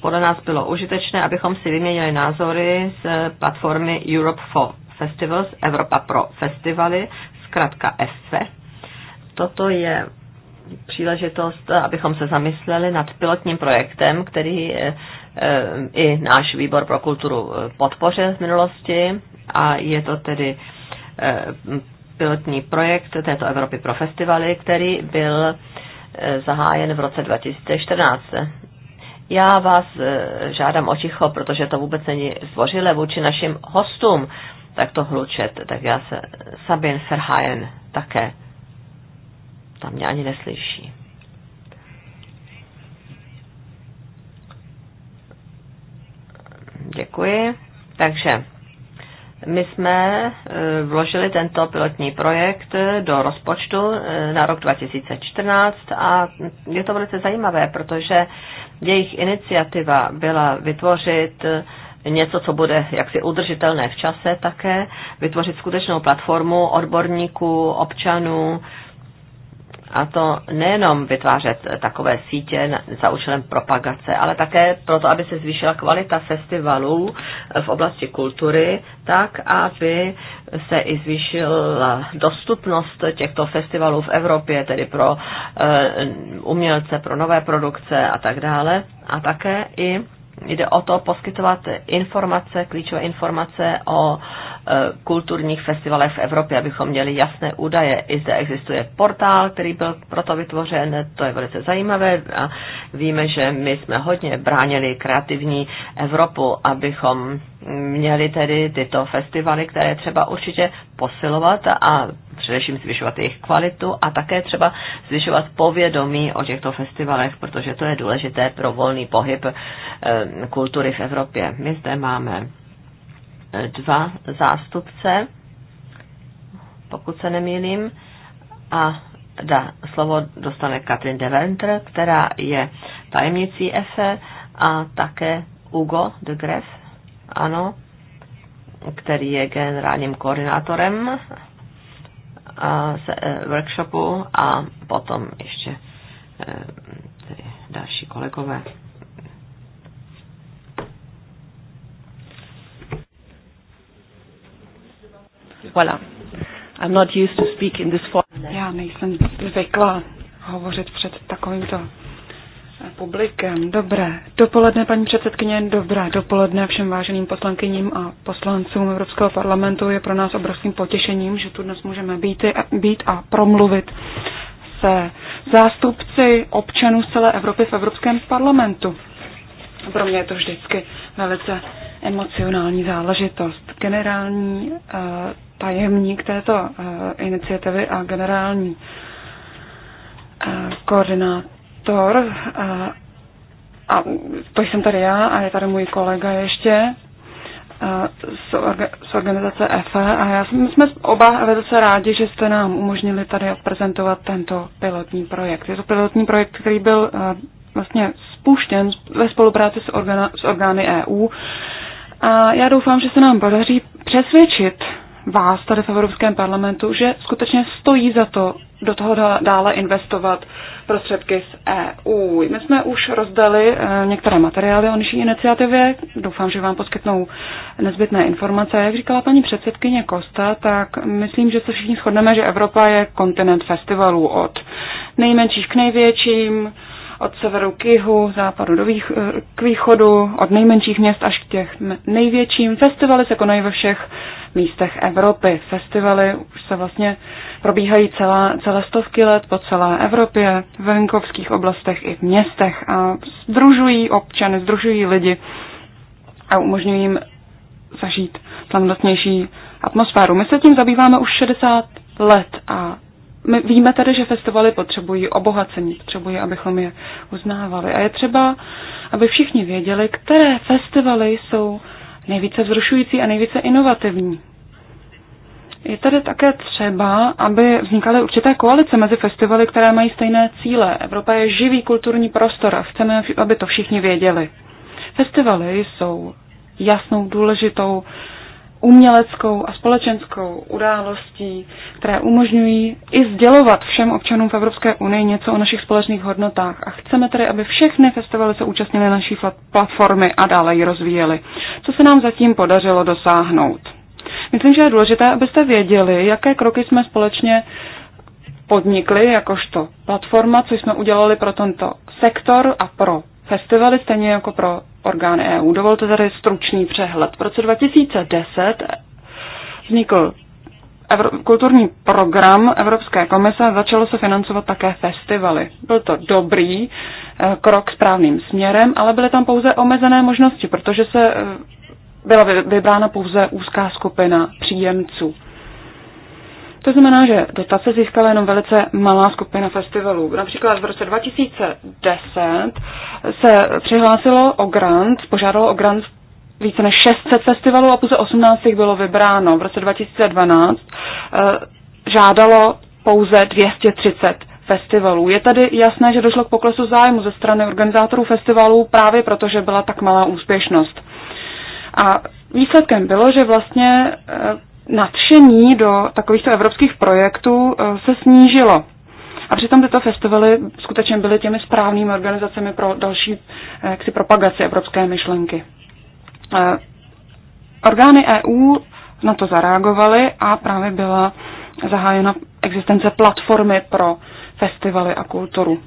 podle nás bylo užitečné, abychom si vyměnili názory z platformy Europe for Festivals, Evropa pro festivaly, zkrátka EFE. Toto je příležitost, abychom se zamysleli nad pilotním projektem, který eh, eh, i náš výbor pro kulturu eh, podpořil v minulosti a je to tedy pilotní projekt této Evropy pro festivaly, který byl zahájen v roce 2014. Já vás e, žádám o ticho, protože to vůbec není zdvořilé vůči našim hostům, tak to hlučet. Tak já se Sabin Ferhajen také. Tam mě ani neslyší. Děkuji. Takže my jsme e, vložili tento pilotní projekt do rozpočtu e, na rok 2014 a je to velice zajímavé, protože jejich iniciativa byla vytvořit eh, něco, co bude jaksi udržitelné v čase také, vytvořit skutečnou platformu odborníků, občanů, a to nejenom vytvářet takové sítě za účelem propagace, ale také proto, aby se zvýšila kvalita festivalů v oblasti kultury, tak aby se i zvýšila dostupnost těchto festivalů v Evropě, tedy pro eh, umělce, pro nové produkce a tak dále. A také i jde o to poskytovat informace, klíčové informace o uh, Eh, kulturních festivalech v Evropě, abychom měli jasné údaje. I zde existuje portál, který byl proto vytvořen, to je velice zajímavé a víme, že my jsme hodně bránili kreativní Evropu, abychom měli tedy tyto festivaly, které třeba určitě posilovat a především zvyšovat jejich kvalitu a také třeba zvyšovat povědomí o těchto festivalech, protože to je důležité pro volný pohyb eh, kultury v Evropě. My zde máme dva zástupce, pokud se nemýlím, a da, slovo dostane Katrin Deventer, která je tajemnicí EFE a také Hugo de Gref, ano, který je generálním koordinátorem a se, e, workshopu a potom ještě e, tedy další kolegové. Voilà. I'm not used to speak in this form. Já nejsem zvyklá hovořit před takovýmto publikem. Dobré dopoledne, paní předsedkyně, dobré dopoledne všem váženým poslankyním a poslancům Evropského parlamentu. Je pro nás obrovským potěšením, že tu dnes můžeme být, být a promluvit se zástupci občanů z celé Evropy v Evropském parlamentu. Pro mě je to vždycky velice emocionální záležitost. Generální eh, tajemník této eh, iniciativy a generální eh, koordinátor a to jsem tady já a je tady můj kolega ještě z organizace EFE a já jsme, jsme oba velice rádi, že jste nám umožnili tady prezentovat tento pilotní projekt. Je to pilotní projekt, který byl vlastně spuštěn ve spolupráci s, organa, s orgány EU. A já doufám, že se nám podaří přesvědčit vás tady v Evropském parlamentu, že skutečně stojí za to do toho dále investovat prostředky z EU. My jsme už rozdali eh, některé materiály o naší iniciativě. Doufám, že vám poskytnou nezbytné informace. Jak říkala paní předsedkyně Kosta, tak myslím, že se všichni shodneme, že Evropa je kontinent festivalů od nejmenších k největším od severu k jihu, západu do vých, k východu, od nejmenších měst až k těch největším. Festivaly se konají ve všech místech Evropy. Festivaly už se vlastně probíhají celá, celé stovky let po celé Evropě, v venkovských oblastech i v městech a združují občany, združují lidi a umožňují jim zažít slavnostnější atmosféru. My se tím zabýváme už 60 let a my víme tady, že festivaly potřebují obohacení, potřebují, abychom je uznávali. A je třeba, aby všichni věděli, které festivaly jsou nejvíce vzrušující a nejvíce inovativní. Je tady také třeba, aby vznikaly určité koalice mezi festivaly, které mají stejné cíle. Evropa je živý kulturní prostor a chceme, aby to všichni věděli. Festivaly jsou jasnou, důležitou uměleckou a společenskou událostí, které umožňují i sdělovat všem občanům v Evropské unii něco o našich společných hodnotách. A chceme tedy, aby všechny festivaly se účastnily naší platformy a dále ji rozvíjely. Co se nám zatím podařilo dosáhnout? Myslím, že je důležité, abyste věděli, jaké kroky jsme společně podnikli, jakožto platforma, co jsme udělali pro tento sektor a pro festivaly, stejně jako pro orgán EU. Dovolte tady stručný přehled. V roce 2010 vznikl Evro- kulturní program Evropské komise a začalo se financovat také festivaly. Byl to dobrý eh, krok správným směrem, ale byly tam pouze omezené možnosti, protože se eh, byla vybrána pouze úzká skupina příjemců. To znamená, že dotace získala jenom velice malá skupina festivalů. Například v roce 2010 se přihlásilo o grant, požádalo o grant více než 600 festivalů a pouze 18 jich bylo vybráno. V roce 2012 eh, žádalo pouze 230 festivalů. Je tady jasné, že došlo k poklesu zájmu ze strany organizátorů festivalů právě proto, že byla tak malá úspěšnost. A výsledkem bylo, že vlastně eh, nadšení do takovýchto evropských projektů eh, se snížilo. A přitom tyto festivaly skutečně byly těmi správnými organizacemi pro další eh, jaksi, propagaci evropské myšlenky. Eh, orgány EU na to zareagovaly a právě byla zahájena existence platformy pro festivaly a kulturu.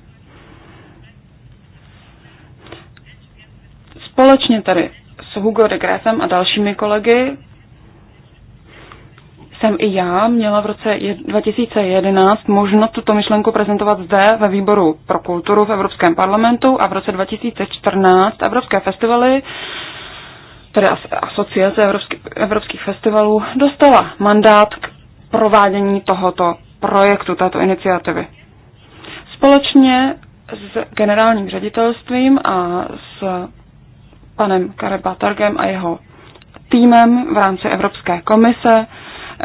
Společně tedy s Hugo de Grefem a dalšími kolegy jsem i já měla v roce 2011 možnost tuto myšlenku prezentovat zde ve výboru pro kulturu v Evropském parlamentu a v roce 2014 Evropské festivaly tedy asociace evropských, evropských festivalů, dostala mandát k provádění tohoto projektu, této iniciativy. Společně s generálním ředitelstvím a s panem Karebatorgem a jeho týmem v rámci Evropské komise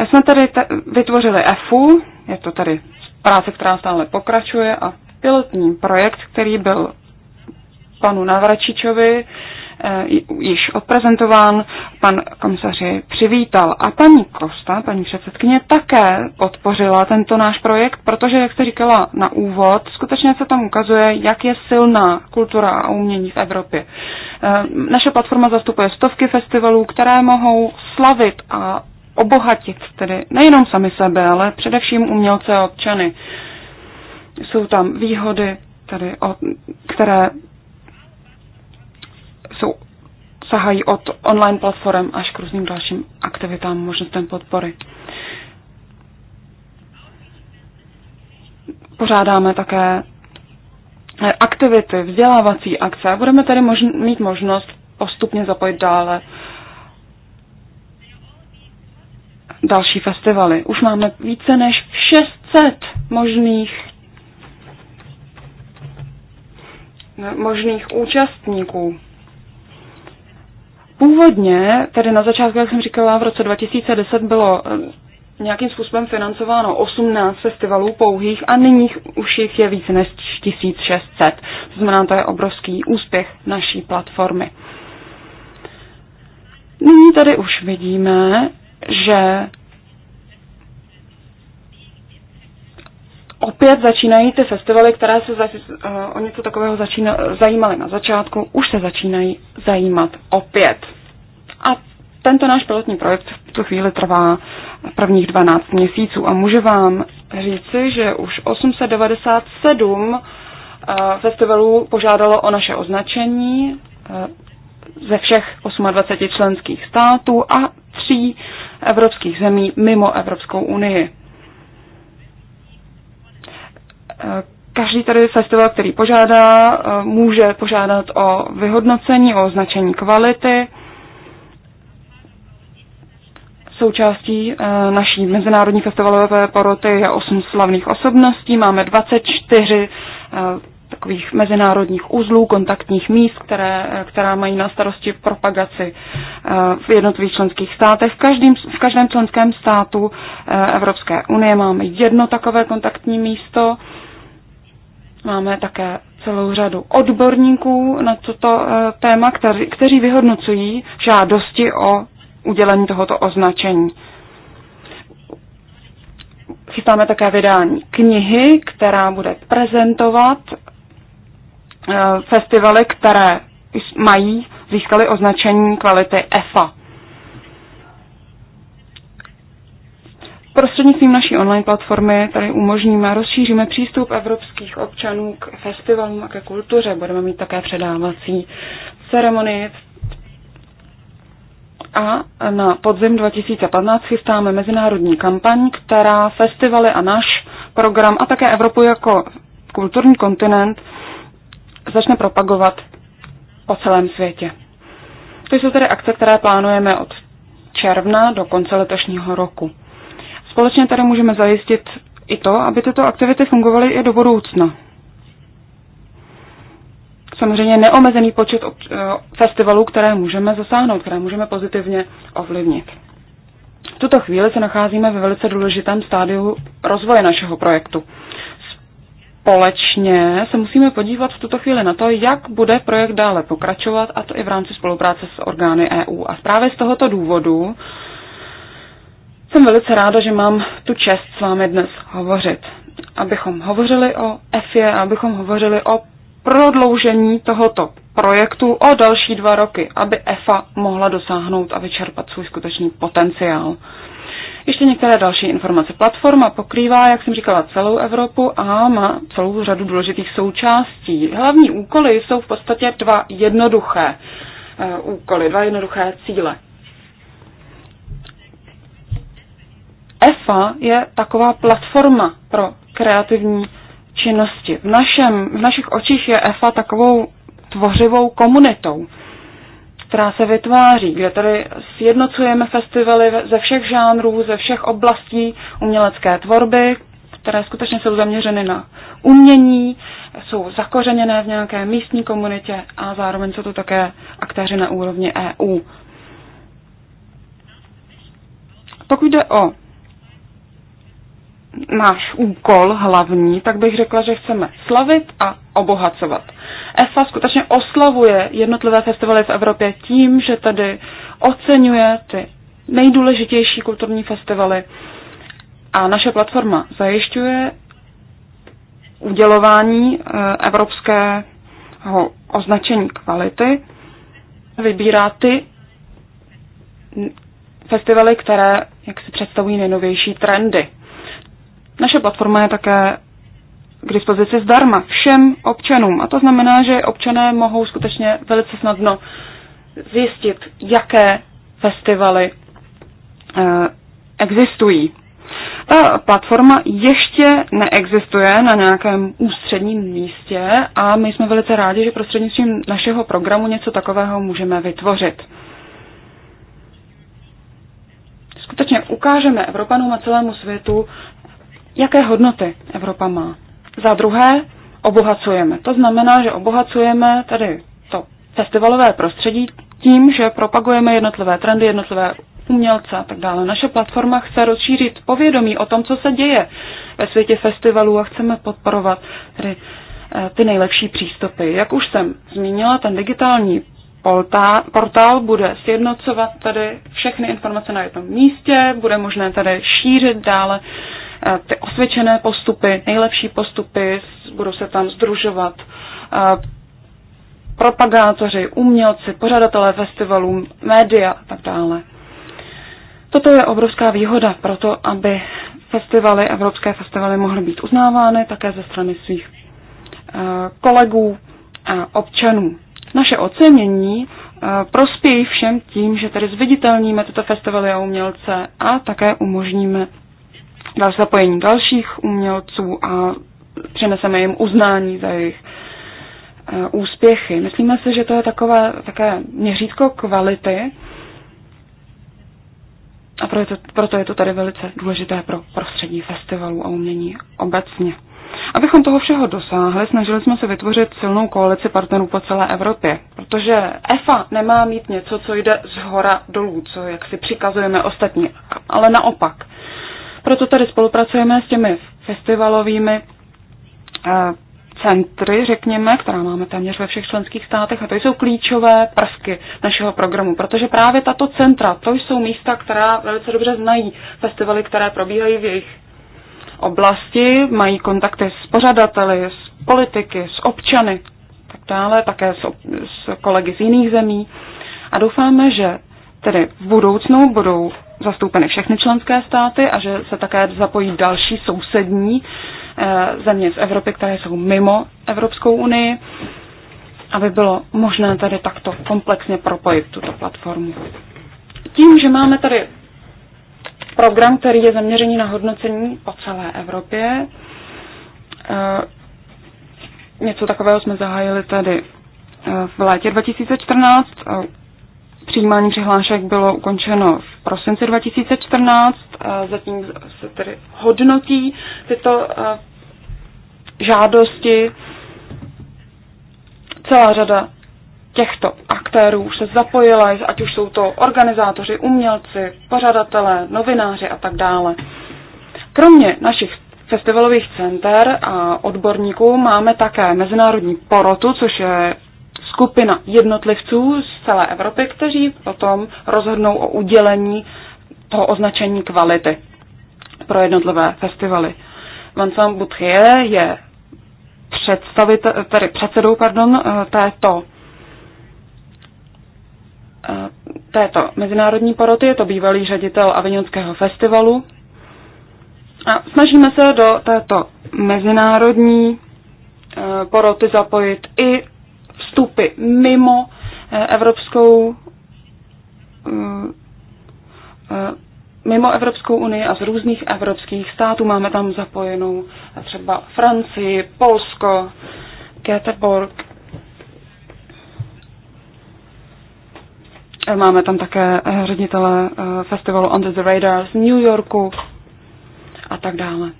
jsme tady vytvořili EFU, je to tady práce, která stále pokračuje a pilotní projekt, který byl panu Navračičovi eh, již odprezentován, pan komisař přivítal. A paní Kosta, paní předsedkyně, také podpořila tento náš projekt, protože, jak jste říkala na úvod, skutečně se tam ukazuje, jak je silná kultura a umění v Evropě. Eh, naše platforma zastupuje stovky festivalů, které mohou slavit a obohatit tedy nejenom sami sebe, ale především umělce a občany. Jsou tam výhody, tedy od, které jsou, sahají od online platform až k různým dalším aktivitám, možnostem podpory. Pořádáme také eh, aktivity, vzdělávací akce. Budeme tedy možn- mít možnost postupně zapojit dále další festivaly. Už máme více než 600 možných možných účastníků. Původně, tedy na začátku, jak jsem říkala, v roce 2010 bylo eh, nějakým způsobem financováno 18 festivalů pouhých a nyní už jich je více než 1600. To znamená, to je obrovský úspěch naší platformy. Nyní tady už vidíme, že opět začínají ty festivaly, které se za, eh, o něco takového začíná zajímaly na začátku, už se začínají zajímat opět. A tento náš pilotní projekt v tu chvíli trvá prvních 12 měsíců a můžu vám říci, že už 897 eh, festivalů požádalo o naše označení eh, ze všech 28 členských států a tří evropských zemí mimo Evropskou unii. Každý tady festival, který požádá, může požádat o vyhodnocení, o označení kvality. Součástí eh, naší mezinárodní festivalové poroty je 8 slavných osobností. Máme 24 takových mezinárodních uzlů, kontaktních míst, které, která mají na starosti propagaci eh, v jednotlivých členských státech. V, každém, v každém členském státu eh, Evropské unie máme jedno takové kontaktní místo. Máme také celou řadu odborníků na toto eh, téma, kteří, kteří vyhodnocují žádosti o udělení tohoto označení chystáme také vydání knihy, která bude prezentovat Eh, festivaly, které mají, získaly označení kvality EFA. Prostřednictvím naší online platformy tady umožníme, rozšíříme přístup evropských občanů k festivalům a ke kultuře. Budeme mít také předávací ceremonie a na podzim 2015 chystáme mezinárodní kampaň, která festivaly a náš program a také Evropu jako kulturní kontinent začne propagovat po celém světě. To jsou tedy akce, které plánujeme od června do konce letošního roku. Společně tady můžeme zajistit i to, aby tyto aktivity fungovaly i do budoucna. Samozřejmě neomezený počet eh, festivalů, které můžeme zasáhnout, které můžeme pozitivně ovlivnit. V tuto chvíli se nacházíme ve velice důležitém stádiu rozvoje našeho projektu společně se musíme podívat v tuto chvíli na to, jak bude projekt dále pokračovat, a to i v rámci spolupráce s orgány EU. A právě z tohoto důvodu jsem velice ráda, že mám tu čest s vámi dnes hovořit. Abychom hovořili o EFIE, abychom hovořili o prodloužení tohoto projektu o další dva roky, aby EFA mohla dosáhnout a vyčerpat svůj skutečný potenciál. Ještě některé další informace. Platforma pokrývá, jak jsem říkala, celou Evropu a má celou řadu důležitých součástí. Hlavní úkoly jsou v podstatě dva jednoduché eh, úkoly, dva jednoduché cíle. EFA je taková platforma pro kreativní činnosti. V, našem, v našich očích je EFA takovou tvořivou komunitou která se vytváří, kde tady sjednocujeme festivaly ze všech žánrů, ze všech oblastí umělecké tvorby, které skutečně jsou zaměřeny na umění, jsou zakořeněné v nějaké místní komunitě a zároveň jsou to také aktéři na úrovni EU. Pokud jde o náš úkol hlavní, tak bych řekla, že chceme slavit a obohacovat. EFA skutečně oslavuje jednotlivé festivaly v Evropě tím, že tady oceňuje ty nejdůležitější kulturní festivaly a naše platforma zajišťuje udělování eh, evropského označení kvality, vybírá ty festivaly, které jak si představují nejnovější trendy. Naše platforma je také k dispozici zdarma všem občanům. A to znamená, že občané mohou skutečně velice snadno zjistit, jaké festivaly eh, existují. Ta platforma ještě neexistuje na nějakém ústředním místě a my jsme velice rádi, že prostřednictvím našeho programu něco takového můžeme vytvořit. Skutečně ukážeme Evropanům a celému světu, jaké hodnoty Evropa má. Za druhé, obohacujeme. To znamená, že obohacujeme tady to festivalové prostředí tím, že propagujeme jednotlivé trendy, jednotlivé umělce a tak dále. Naše platforma chce rozšířit povědomí o tom, co se děje ve světě festivalů a chceme podporovat tedy eh, ty nejlepší přístupy. Jak už jsem zmínila, ten digitální portál, bude sjednocovat tady všechny informace na jednom místě, bude možné tady šířit dále Eh, ty osvědčené postupy, nejlepší postupy, budou se tam združovat eh, propagátoři, umělci, pořadatelé festivalů, média a tak dále. Toto je obrovská výhoda pro to, aby festivaly, evropské festivaly mohly být uznávány také ze strany svých eh, kolegů a občanů. Naše ocenění prospějí všem tím, že tedy zviditelníme tyto festivaly a umělce a také umožníme zapojení dalších umělců a přineseme jim uznání za jejich eh, úspěchy. Myslíme si, že to je takové také měřítko kvality a proto, proto je to tady velice důležité pro prostředí festivalů a umění obecně. Abychom toho všeho dosáhli, snažili jsme se vytvořit silnou koalici partnerů po celé Evropě, protože EFA nemá mít něco, co jde z hora dolů, co jak si přikazujeme ostatní, ale naopak. Proto tady spolupracujeme s těmi festivalovými eh, centry, řekněme, která máme téměř ve všech členských státech, a to jsou klíčové prvky našeho programu, protože právě tato centra, to jsou místa, která velice dobře znají festivaly, které probíhají v jejich oblasti, mají kontakty s pořadateli, s politiky, s občany, tak dále, také s, s kolegy z jiných zemí. A doufáme, že tedy v budoucnu budou zastoupeny všechny členské státy a že se také zapojí další sousední eh, země z Evropy, které jsou mimo Evropskou unii, aby bylo možné tady takto komplexně propojit tuto platformu. Tím, že máme tady program, který je zaměřený na hodnocení po celé Evropě, eh, něco takového jsme zahájili tady eh, v létě 2014. Přijímání přihlášek bylo ukončeno v prosinci 2014. Eh, zatím se tedy hodnotí tyto eh, žádosti. Celá řada těchto aktérů už se zapojila, ať už jsou to organizátoři, umělci, pořadatelé, novináři a tak dále. Kromě našich festivalových center a odborníků máme také mezinárodní porotu, což je skupina jednotlivců z celé Evropy, kteří potom rozhodnou o udělení toho označení kvality pro jednotlivé festivaly. Vincent Bouthier je tedy předsedou pardon, eh, této eh, této mezinárodní poroty, je to bývalý ředitel Avignonského festivalu. A snažíme se do této mezinárodní eh, poroty zapojit i vstupy mimo eh, Evropskou eh, eh, mimo Evropskou unii a z různých evropských států. Máme tam zapojenou třeba Francii, Polsko, Göteborg. Máme tam také ředitele festivalu Under the Radar z New Yorku a tak dále.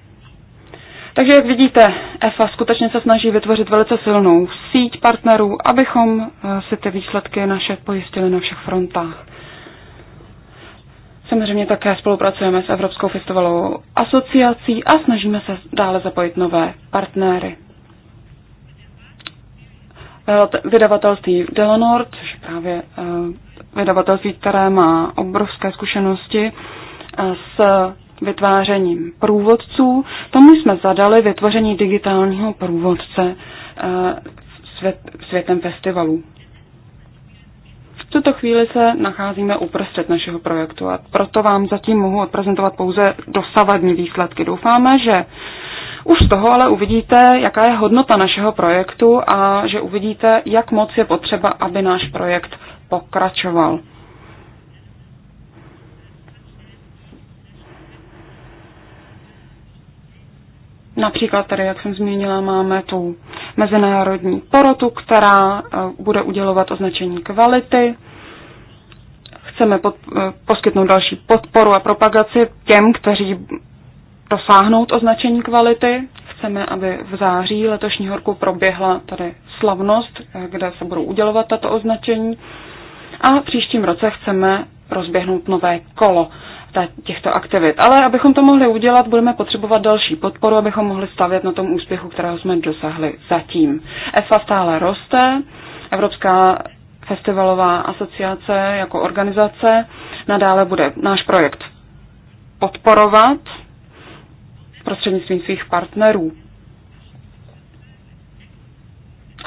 Takže jak vidíte, EFA skutečně se snaží vytvořit velice silnou síť partnerů, abychom eh, si ty výsledky naše pojistili na všech frontách. Samozřejmě také spolupracujeme s Evropskou festivalovou asociací a snažíme se dále zapojit nové partnery. Eh, vydavatelství Delanor, což je právě eh, vydavatelství, které má obrovské zkušenosti s vytvářením průvodců. Tomu jsme zadali vytvoření digitálního průvodce eh, svět, světem festivalů. V tuto chvíli se nacházíme uprostřed našeho projektu a proto vám zatím mohu odprezentovat pouze dosavadní výsledky. Doufáme, že už z toho ale uvidíte, jaká je hodnota našeho projektu a že uvidíte, jak moc je potřeba, aby náš projekt pokračoval. Například tady, jak jsem zmínila, máme tu mezinárodní porotu, která eh, bude udělovat označení kvality. Chceme pod, eh, poskytnout další podporu a propagaci těm, kteří dosáhnout označení kvality. Chceme, aby v září letošního roku proběhla tady slavnost, eh, kde se budou udělovat tato označení. A v příštím roce chceme rozběhnout nové kolo těchto aktivit. Ale abychom to mohli udělat, budeme potřebovat další podporu, abychom mohli stavět na tom úspěchu, kterého jsme dosahli zatím. EFA stále roste, Evropská festivalová asociace jako organizace nadále bude náš projekt podporovat prostřednictvím svých partnerů.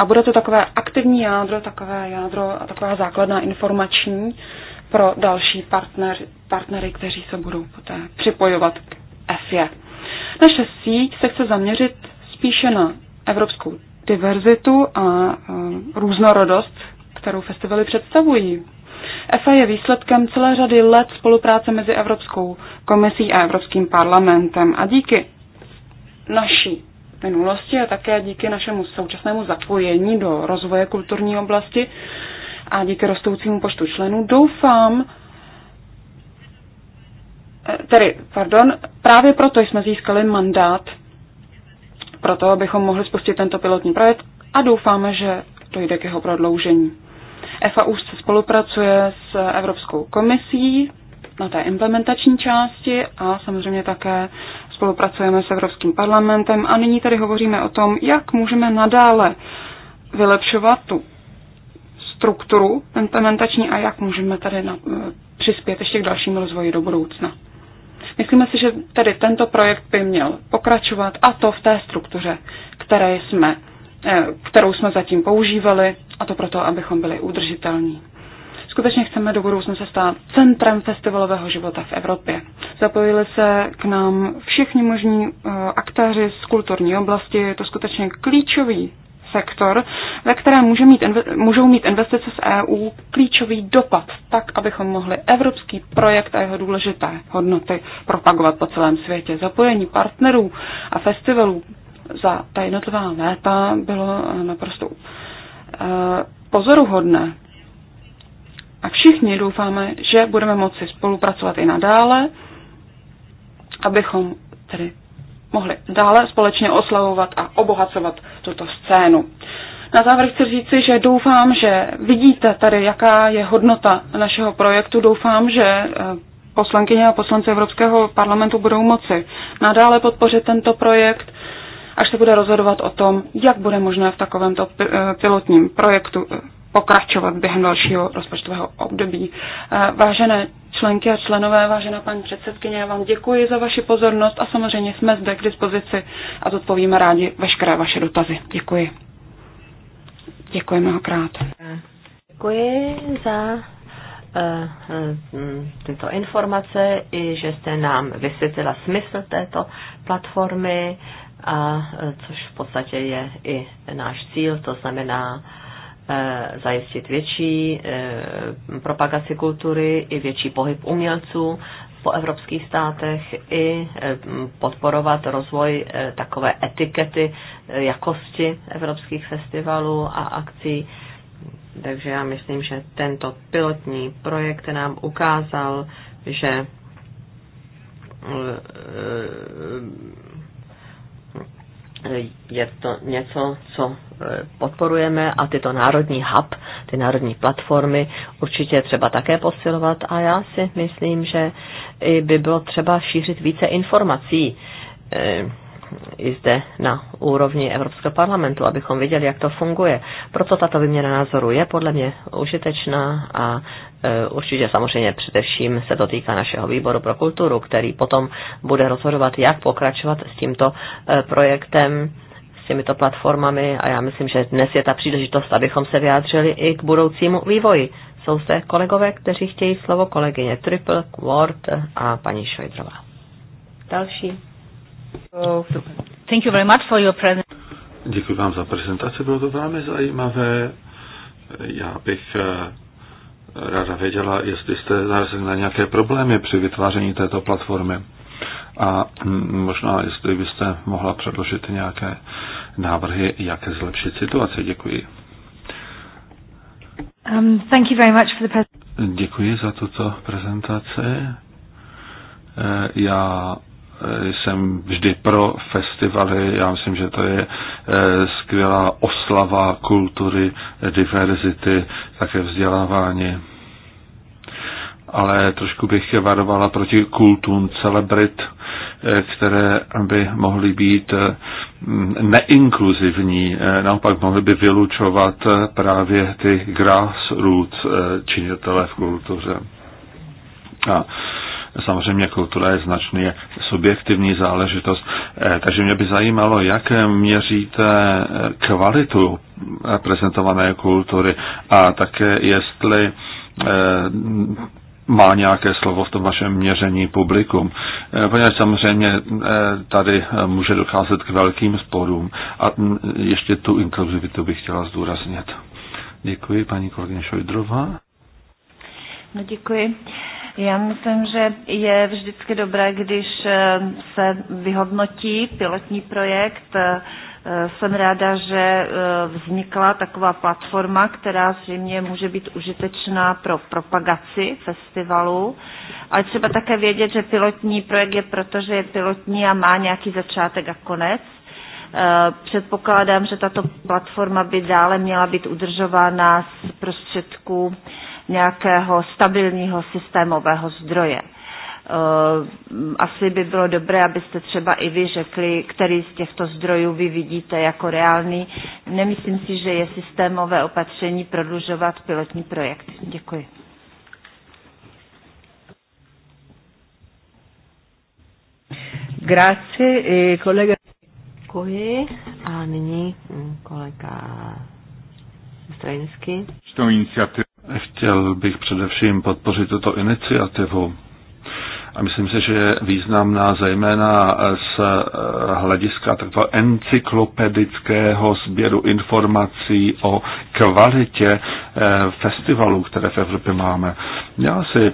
A bude to takové aktivní jádro, takové jádro a taková základná informační pro další partner, partnery, kteří se budou poté připojovat k EFIE. Naše síť se chce zaměřit spíše na evropskou diverzitu a e, různorodost, kterou festivaly představují. EFA je výsledkem celé řady let spolupráce mezi Evropskou komisí a Evropským parlamentem a díky naší minulosti a také díky našemu současnému zapojení do rozvoje kulturní oblasti a díky rostoucímu počtu členů doufám, eh, tedy, pardon, právě proto jsme získali mandát, proto abychom mohli spustit tento pilotní projekt a doufáme, že jde k jeho prodloužení. EFA už se spolupracuje s Evropskou komisí na té implementační části a samozřejmě také spolupracujeme s Evropským parlamentem a nyní tedy hovoříme o tom, jak můžeme nadále vylepšovat tu strukturu implementační a jak můžeme tady na, eh, přispět ještě k dalšímu rozvoji do budoucna. Myslíme si, že tady tento projekt by měl pokračovat a to v té struktuře, které jsme, eh, kterou jsme zatím používali a to proto, abychom byli udržitelní. Skutečně chceme do budoucna se stát centrem festivalového života v Evropě. Zapojili se k nám všichni možní eh, aktéři z kulturní oblasti. Je to skutečně klíčový sektor, ve které může mít, můžou mít investice z EU klíčový dopad, tak, abychom mohli evropský projekt a jeho důležité hodnoty propagovat po celém světě. Zapojení partnerů a festivalů za ta jednotlivá léta bylo eh, naprosto eh, pozoruhodné. A všichni doufáme, že budeme moci spolupracovat i nadále, abychom tedy mohli dále společně oslavovat a obohacovat tuto scénu. Na závěr chci říci, že doufám, že vidíte tady, jaká je hodnota našeho projektu. Doufám, že eh, poslankyně a poslanci Evropského parlamentu budou moci nadále podpořit tento projekt, až se bude rozhodovat o tom, jak bude možné v takovémto eh, pilotním projektu eh, pokračovat během dalšího rozpočtového období. Vážené členky a členové, vážená paní předsedkyně, já vám děkuji za vaši pozornost a samozřejmě jsme zde k dispozici a zodpovíme rádi veškeré vaše dotazy. Děkuji. Děkuji mnohokrát. Děkuji za eh, eh, tyto informace i že jste nám vysvětlila smysl této platformy, a eh, což v podstatě je i náš cíl, to znamená Eh, zajistit větší eh, propagaci kultury i větší pohyb umělců po evropských státech i eh, podporovat rozvoj takové etikety jakosti evropských festivalů a akcí. Takže já myslím, že tento pilotní projekt nám ukázal, že je to něco, co e, podporujeme a tyto národní hub, ty národní platformy určitě třeba také posilovat a já si myslím, že by bylo třeba šířit více informací e, i zde na úrovni Evropského parlamentu, abychom viděli, jak to funguje. Proto tato vyměna názoru je podle mě užitečná a e, určitě samozřejmě především se to týká našeho výboru pro kulturu, který potom bude rozhodovat, jak pokračovat s tímto e, projektem s těmito platformami a já myslím, že dnes je ta příležitost, abychom se vyjádřili i k budoucímu vývoji. Jsou zde kolegové, kteří chtějí slovo kolegyně Triple, Ward a paní Šojdrová. Další. Thank you very much for your Děkuji vám za prezentaci, bylo to velmi zajímavé. Já bych eh, ráda věděla, jestli jste narazili na nějaké problémy při vytváření této platformy a hm, možná, jestli byste mohla předložit nějaké návrhy, jak zlepšit situaci. Děkuji. Um, thank you very much for the Děkuji za tuto prezentaci. Eh, já jsem vždy pro festivaly. Já myslím, že to je eh, skvělá oslava kultury, diverzity, také vzdělávání. Ale trošku bych je varovala proti kultům celebrit, eh, které by mohly být eh, neinkluzivní, naopak mohly by vylučovat právě ty grassroots činitele v kultuře. A Samozřejmě kultura je značně subjektivní záležitost, eh, takže mě by zajímalo, jak měříte eh, kvalitu eh, prezentované kultury a také jestli má nějaké slovo v tom vašem měření publikum. Poněvadž samozřejmě tady může docházet k velkým sporům a mm, ještě tu inkluzivitu bych chtěla zdůraznit. Děkuji, paní kolegyně Šojdrova. No děkuji. Já myslím, že je vždycky dobré, když eh, se vyhodnotí pilotní projekt. Eh, jsem ráda, že eh, vznikla taková platforma, která zřejmě může být užitečná pro propagaci festivalu. Ale třeba také vědět, že pilotní projekt je proto, že je pilotní a má nějaký začátek a konec. Předpokládám, že tato platforma by dále měla být udržována z prostředků nějakého stabilního systémového zdroje. E, asi by bylo dobré, abyste třeba i vy řekli, který z těchto zdrojů vy vidíte jako reálný. Nemyslím si, že je systémové opatření prodlužovat pilotní projekt. Děkuji. Grazie, kolega. E, Děkuji. A nyní mm, kolega Strojinský. Što Chtěl bych především podpořit tuto iniciativu. A myslím si, že je významná zejména z eh, hlediska takto encyklopedického sběru informací o kvalitě eh, festivalů, které v Evropě máme. Já si eh,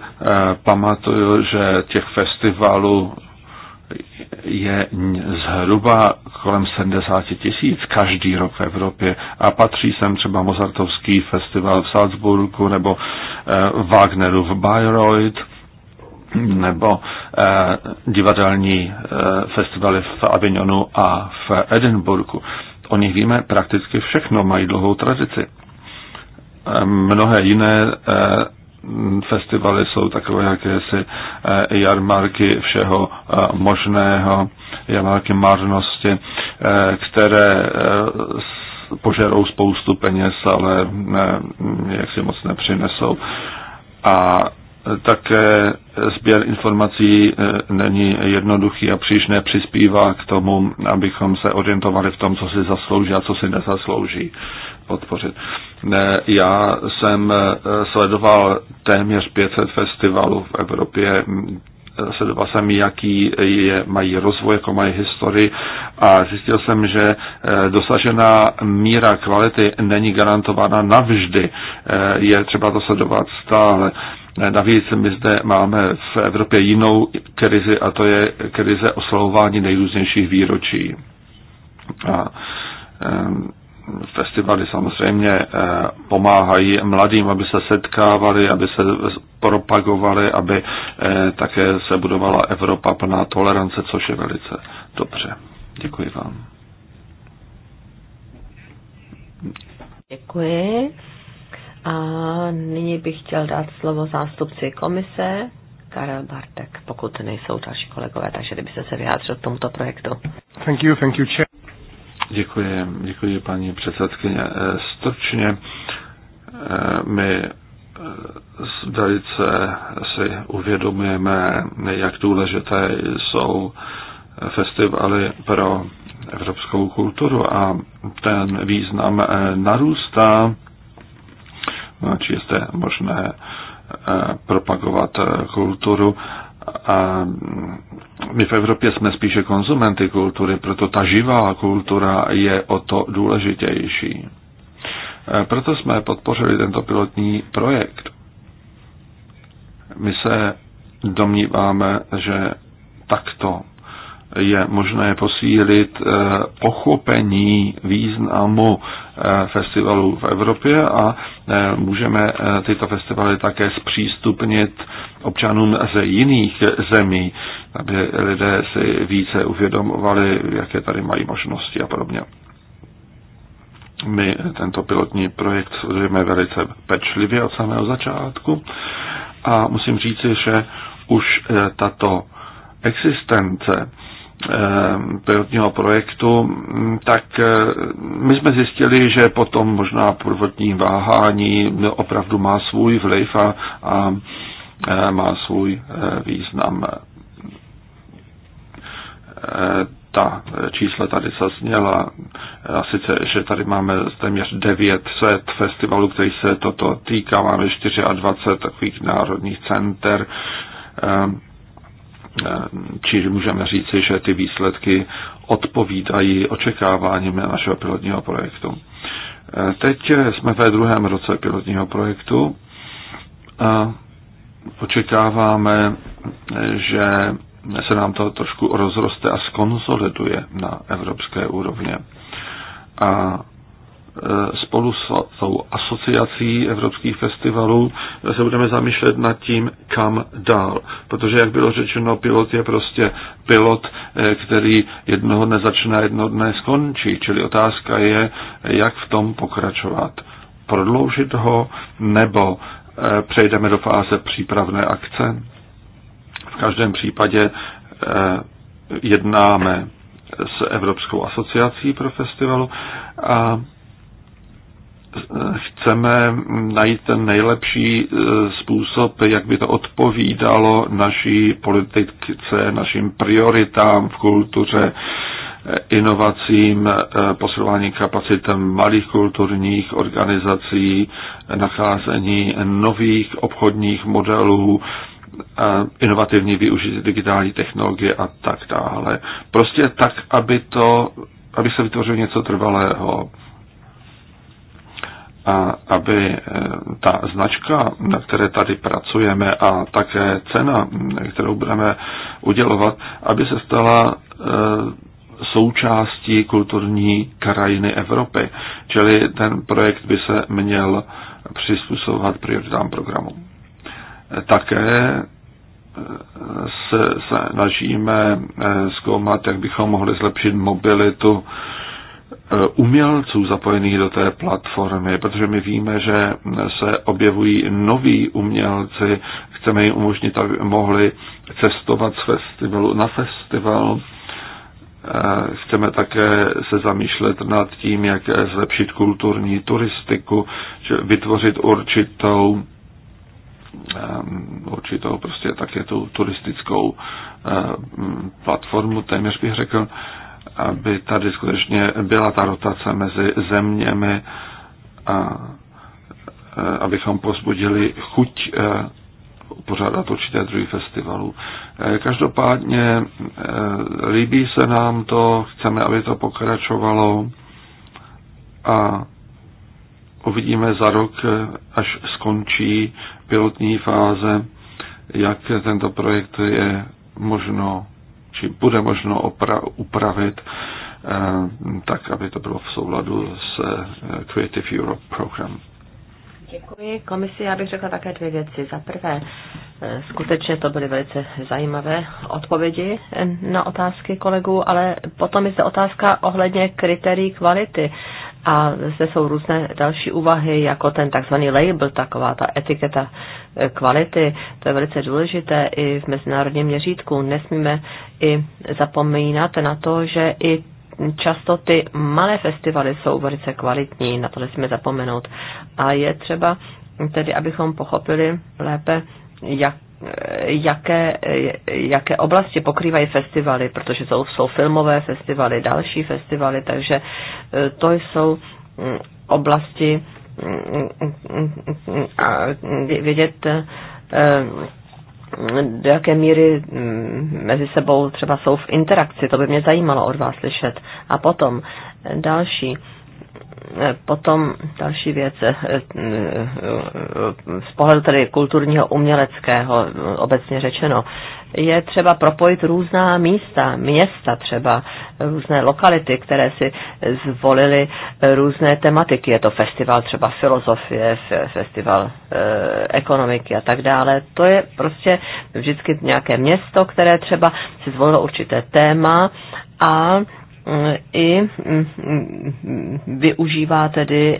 pamatuju, že těch festivalů je zhruba kolem 70 tisíc každý rok v Evropě a patří sem třeba Mozartovský festival v Salzburgu nebo eh, Wagneru v Bayreuth nebo eh, divadelní eh, festivaly v Avignonu a v Edinburgu. O nich víme prakticky všechno, mají dlouhou tradici. Mnohé jiné festivaly jsou takové jakési eh, jarmarky všeho eh, možného, jarmarky marnosti, eh, které požerou spoustu peněz, ale jak si moc nepřinesou. A také sběr informací není jednoduchý a příliš nepřispívá k tomu, abychom se orientovali v tom, co si zaslouží a co si nezaslouží podpořit. Já jsem eh, sledoval téměř 500 festivalů v Evropě, sledoval jsem, jaký je, mají rozvoj, jako mají historii a zjistil jsem, že eh, dosažená míra kvality není garantována navždy. Eh, je třeba to sledovat stále. Navíc my zde máme v Evropě jinou krizi a to je krize oslovování nejrůznějších výročí. A, ehm, festivaly samozřejmě eh, pomáhají mladým, aby se setkávali, aby se propagovali, aby eh, také se budovala Evropa plná tolerance, což je velice dobře. Děkuji vám. Děkuji. A nyní bych chtěl dát slovo zástupci komise, Karel Bartek, pokud nejsou další kolegové, takže kdyby se vyjádřil k tomuto projektu. Thank you, thank you, chair. Děkuji, děkuji paní předsedkyně. Eh, stručně eh, my eh, velice si uvědomujeme, jak důležité jsou festivaly pro evropskou kulturu a ten význam narůstá, no či jste možné propagovat kulturu a my v Evropě jsme spíše konzumenty kultury, proto ta živá kultura je o to důležitější. E, proto jsme podpořili tento pilotní projekt. My se domníváme, že takto je možné posílit eh, pochopení významu eh, festivalů v Evropě a eh, můžeme tyto festivaly také zpřístupnit občanům ze jiných zemí, aby lidé si více uvědomovali, jaké tady mají možnosti a podobně. My tento pilotní projekt sledujeme velice pečlivě od samého začátku a musím říci, že už tato existence Eh, pilotního projektu, mm, tak eh, my jsme zjistili, že potom možná prvotní váhání opravdu má svůj vliv a, a eh, má svůj význam. Ta čísla tady zazněla, a sice, že tady máme téměř 900 festivalů, který se toto týká, máme 24 takových národních center, Ehm, Čili můžeme říci, že ty výsledky odpovídají očekáváním našeho pilotního projektu. Ehm, teď jsme ve druhém roce pilotního projektu a očekáváme, že se nám to trošku rozroste a skonsoliduje na evropské úrovně. A Eh, spolu s tou asociací evropských festivalů se budeme zamýšlet nad tím, kam dál. Protože, jak bylo řečeno, pilot je prostě pilot, eh, který jednoho dne začne a jednoho dne skončí. Čili otázka je, jak v tom pokračovat. Prodloužit ho nebo eh, přejdeme do fáze přípravné akce. V každém případě jednáme s Evropskou asociací pro festivalu a chceme najít ten nejlepší e, způsob, jak by to odpovídalo naší politice, našim prioritám v kultuře, e, inovacím, e, posilování kapacit malých kulturních organizací, nacházení nových obchodních modelů, inovativní využití digitální technologie a tak dále. Prostě tak, aby, to, aby se vytvořilo něco trvalého a aby eh, ta značka, na které tady pracujeme a také cena, kterou budeme udělovat, aby se stala eh, součástí kulturní krajiny Evropy. Čili ten projekt by se měl přizpůsobovat prioritám programu. Také eh, se snažíme zkoumat, jak bychom mohli zlepšit mobilitu Eh, umělců zapojených do té platformy, protože my víme, že se objevují noví umělci, chceme jim umožnit, aby mohli cestovat z festivalu na festival. Eh, chceme také se zamýšlet nad tím, jak zlepšit kulturní turistiku, vytvořit určitou eh, určitou prostě také tu turistickou platformu, téměř bych řekl, aby tady skutečně byla ta rotace mezi zeměmi a eh, abychom pozbudili chuť eh, pořádat určité druhý festivalů. Eh, každopádně líbí se nám to, chceme, aby to pokračovalo a uvidíme za rok, až skončí pilotní fáze, jak tento projekt je možno či bude možno opra- upravit eh, tak, aby to bylo v souladu s eh, Creative Europe Program. Děkuji komisi. Já bych řekla také dvě věci. Za prvé, eh, skutečně to byly velice zajímavé odpovědi na otázky kolegů, ale potom je zde otázka ohledně kritérií kvality. A zde jsou různé další úvahy, jako ten takzvaný label, taková ta etiketa kvality. To je velice důležité i v mezinárodním měřítku. Nesmíme i zapomínat na to, že i často ty malé festivaly jsou velice kvalitní, na to nesmíme zapomenout. A je třeba tedy, abychom pochopili lépe, jak jaké, jaké oblasti pokrývají festivaly, protože jsou, jsou filmové festivaly, další festivaly, takže eh, to jsou mm, oblasti, a vědět, eh, do jaké míry mm, mezi sebou třeba jsou v interakci, to by mě zajímalo od vás slyšet. A potom eh, další, eh, potom další věc z pohledu tedy kulturního uměleckého, obecně řečeno, je třeba propojit různá místa, města třeba, různé lokality, které si zvolili různé tematiky. Je to festival třeba filozofie, festival eh, ekonomiky a tak dále. To je prostě vždycky nějaké město, které třeba si zvolilo určité téma a i mm, mm, využívá tedy e,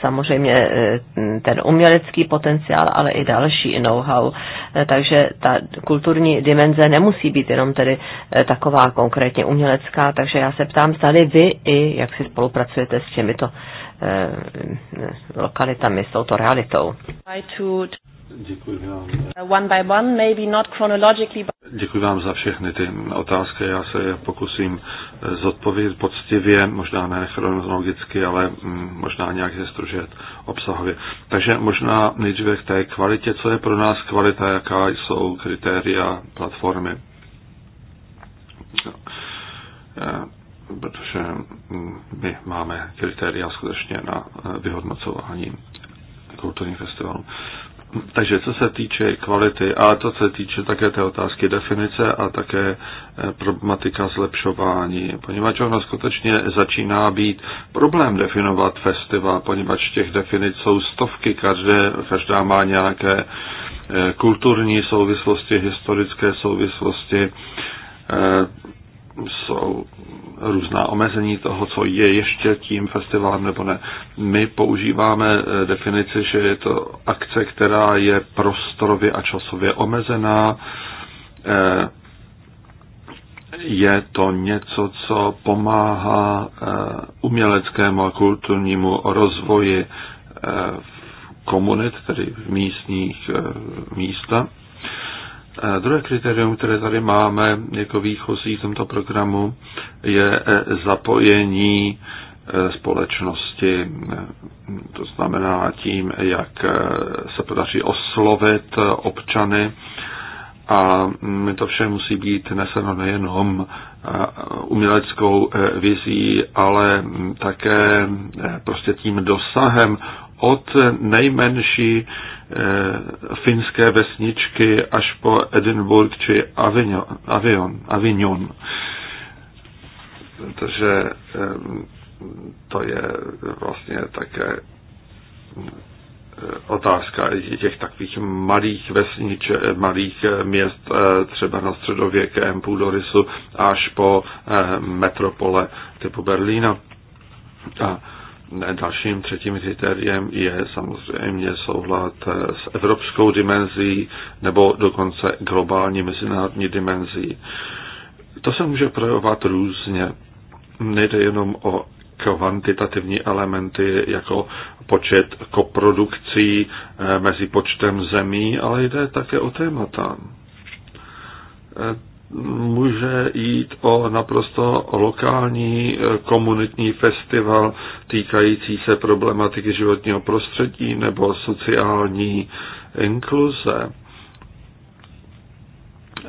samozřejmě e, ten umělecký potenciál, ale i další know-how. E, takže ta kulturní dimenze nemusí být jenom tedy taková konkrétně umělecká, takže já se ptám, tady vy i jak si spolupracujete s těmito lokalitami, s touto realitou. Děkuji vám. One by one, maybe not chronologically, but Děkuji vám za všechny ty otázky. Já se pokusím eh, zodpovědět poctivě, možná ne chronologicky, ale mm, možná nějak ze obsahově. Takže možná nejdříve k té kvalitě, co je pro nás kvalita, jaká jsou kritéria platformy. Eh, protože mm, my máme kritéria skutečně na eh, vyhodnocování kulturních festivalů. Takže co se týče kvality a to se týče také té otázky definice a také eh, problematika zlepšování, poněvadž ono skutečně začíná být problém definovat festival, poněvadž těch definic jsou stovky, každé, každá má nějaké eh, kulturní souvislosti, historické souvislosti, eh, jsou různá omezení toho, co je ještě tím festivalem nebo ne. My používáme eh, definici, že je to akce, která je prostorově a časově omezená. Eh, je to něco, co pomáhá eh, uměleckému a kulturnímu rozvoji komunit, tedy v místních místa. Eh, druhé kritérium, které tady máme jako výchozí v tomto programu, je eh, zapojení eh, společnosti, to znamená tím, jak se podaří oslovit občany a mm, to vše musí být neseno nejenom uměleckou vizí, ale mm, také prostě tím dosahem od nejmenší eh, finské vesničky až po Edinburgh či Avignon. Avignon, Avignon. Takže eh, to je vlastně také eh, otázka těch takových malých vesnič, malých měst, třeba na středověkém půdorysu až po metropole typu Berlína. A Dalším třetím kritériem je samozřejmě souhlad s evropskou dimenzí nebo dokonce globální mezinárodní dimenzí. To se může projevovat různě. Nejde jenom o kvantitativní elementy jako počet koprodukcí eh, mezi počtem zemí, ale jde také o témata eh, může jít o naprosto lokální eh, komunitní festival týkající se problematiky životního prostředí nebo sociální inkluze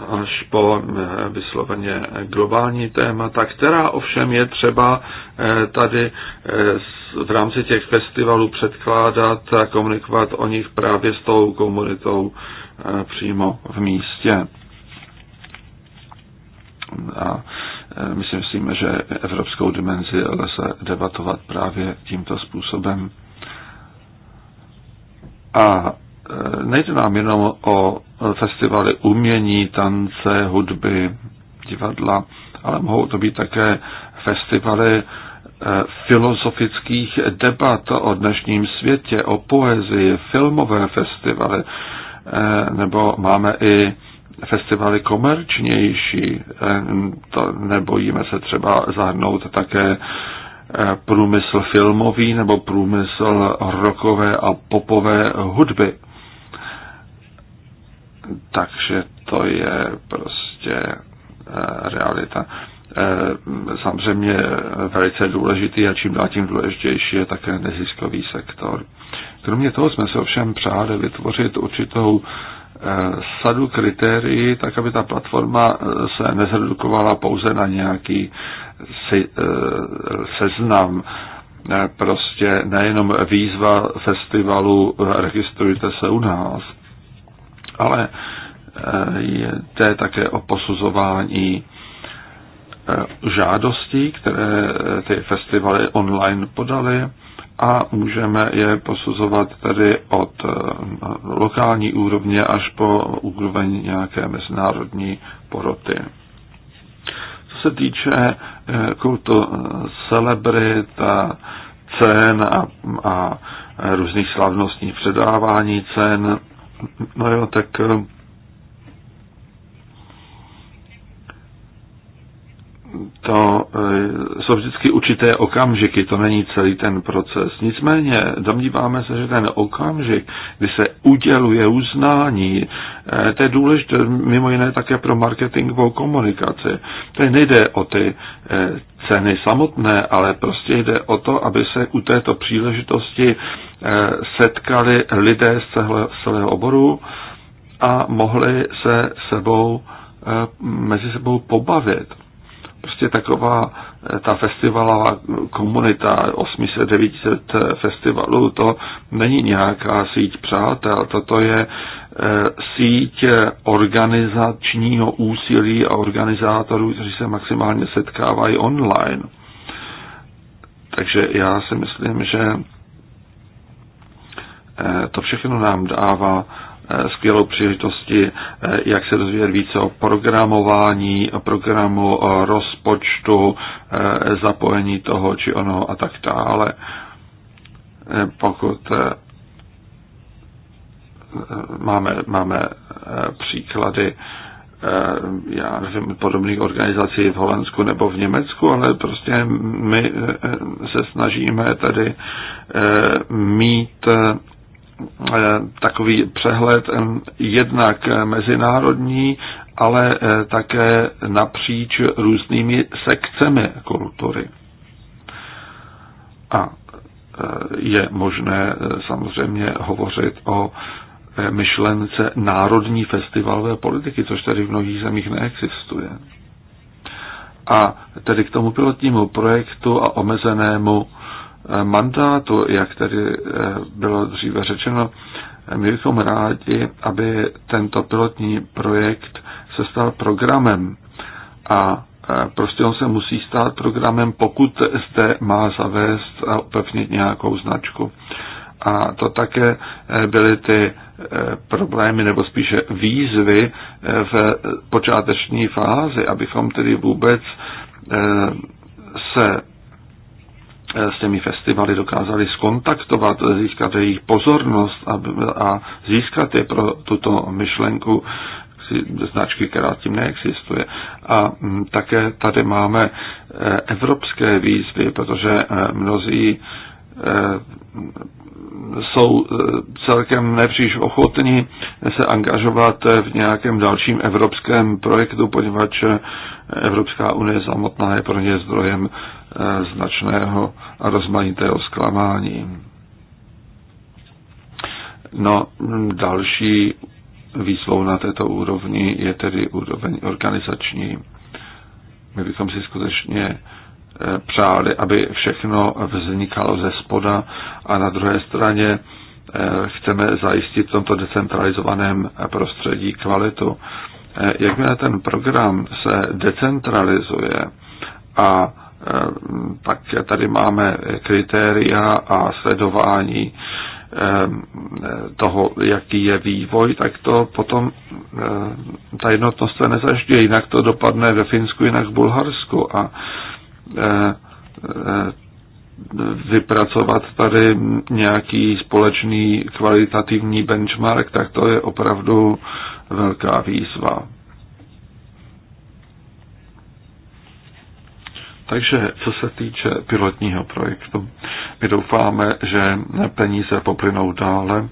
až po eh, vysloveně globální témata, která ovšem je třeba eh, tady v rámci těch festivalů předkládat a komunikovat o nich právě s tou komunitou přímo v místě. A e, my si myslíme, že evropskou dimenzi lze debatovat právě tímto způsobem. A e, nejde nám jenom o festivaly umění, tance, hudby, divadla, ale mohou to být také festivaly e, filozofických debat o dnešním světě, o poezii, filmové festivaly, nebo máme i festivaly komerčnější, eh, to nebojíme se třeba zahrnout také eh, průmysl filmový nebo průmysl rockové a popové hudby. Takže to je prostě eh, realita. Samozřejmě velice důležitý a čím dál tím důležitější je také neziskový sektor. Kromě toho jsme se ovšem přáli vytvořit určitou Eh, sadu kritérií, tak aby ta platforma eh, se nezredukovala pouze na nějaký eh, seznam. Prostě nejenom výzva festivalu registrujte se u nás, ale jde také o posuzování žádostí, které ty festivaly online podaly, a můžeme je posuzovat tedy od eh, lokální úrovně až po úroveň nějaké mezinárodní poroty. Co se týče eh, kultu eh, celebrit a cen a, a různých slavnostních předávání cen, no jo, tak to eh, jsou vždycky určité okamžiky, to není celý ten proces. Nicméně domníváme se, že ten okamžik, kdy se uděluje uznání, eh, to je důležité mimo jiné také pro marketingovou komunikaci. To nejde o ty eh, ceny samotné, ale prostě jde o to, aby se u této příležitosti setkali lidé z celého oboru a mohli se sebou mezi sebou pobavit prostě taková eh, ta festivalová komunita 800-900 festivalů, to není nějaká síť přátel, toto je eh, síť eh, organizačního úsilí a organizátorů, kteří se maximálně setkávají online. Takže já si myslím, že to všechno nám dává Eh, skvělou příležitosti, eh, jak se dozvědět více o programování, o programu o rozpočtu, eh, zapojení toho či onoho a tak dále. Pokud máme, máme příklady, já nevím, podobných organizací v Holandsku nebo v Německu, ale prostě my se snažíme tady mít Eh, takový přehled eh, jednak mezinárodní, ale eh, také napříč různými sekcemi kultury. A je možné samozřejmě hovořit o myšlence národní festivalové politiky, což tady v mnohých zemích neexistuje. A tedy k tomu pilotnímu projektu a omezenému Eh, mandátu, jak tady eh, bylo dříve řečeno, my bychom rádi, aby tento pilotní projekt se stal programem a eh, prostě on se musí stát programem, pokud zde má zavést a upevnit nějakou značku. A to také byly ty problémy, nebo spíše výzvy v počáteční fázi, abychom tedy vůbec se s těmi festivaly dokázali skontaktovat, získat jejich pozornost a, a získat je pro tuto myšlenku značky, která tím neexistuje. A mm, také tady máme e, evropské výzvy, protože e, mnozí e, jsou celkem nepříliš ochotní se angažovat v nějakém dalším evropském projektu, poněvadž Evropská unie samotná je pro ně zdrojem značného a rozmanitého zklamání. No, další výzvou na této úrovni je tedy úroveň organizační. My bychom si skutečně eh, přáli, aby všechno vznikalo ze spoda a na druhé straně eh, chceme zajistit v tomto decentralizovaném prostředí kvalitu. Eh, jakmile ten program se decentralizuje a Ehm, tak tady máme kritéria a sledování ehm, toho, jaký je vývoj, tak to potom ehm, ta jednotnost se nezaždí, jinak to dopadne ve Finsku, jinak v Bulharsku a vypracovat tady nějaký společný kvalitativní benchmark, tak to je opravdu velká výzva. Takže co se týče pilotního projektu, my doufáme, že peníze poplynou dále,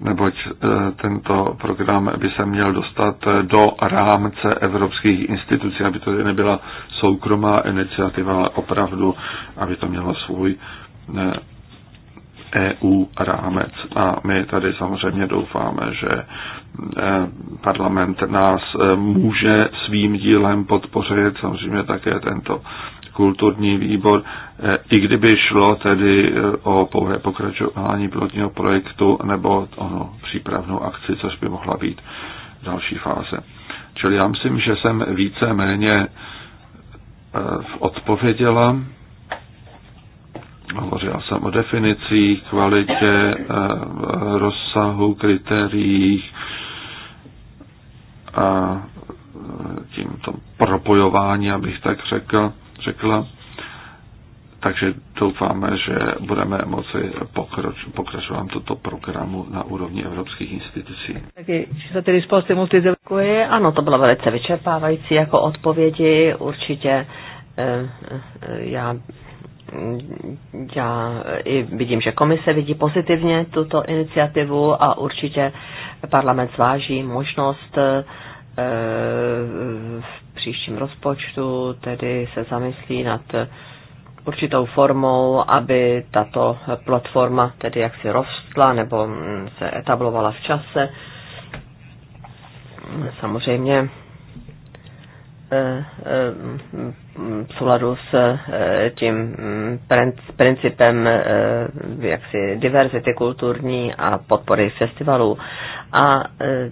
neboť e, tento program by se měl dostat e, do rámce evropských institucí, aby to nebyla soukromá iniciativa, ale opravdu, aby to mělo svůj EU e rámec. A my tady samozřejmě doufáme, že parlament nás může svým dílem podpořit, samozřejmě také tento kulturní výbor, eh, i kdyby šlo tedy eh, o pouhé pokračování pilotního projektu nebo ono přípravnou akci, což by mohla být další fáze. Čili já myslím, že jsem více méně eh, odpověděla. Hovořila jsem o definicích, kvalitě, rozsahu, kritériích a tím to propojování, abych tak řekl řekla. Takže doufáme, že budeme moci pokroč, pokračovat toto programu na úrovni evropských institucí. Taky za ty resposte multi děkuji. Ano, to byla velice vyčerpávající jako odpovědi. Určitě eh, eh, já já i vidím, že komise vidí pozitivně tuto iniciativu a určitě parlament zváží možnost eh, příštím rozpočtu, tedy se zamyslí nad určitou formou, aby tato platforma tedy jaksi rostla nebo se etablovala v čase. Samozřejmě eh, eh, v souladu s eh, tím mm, principem eh, jaksi diverzity kulturní a podpory festivalů. A eh,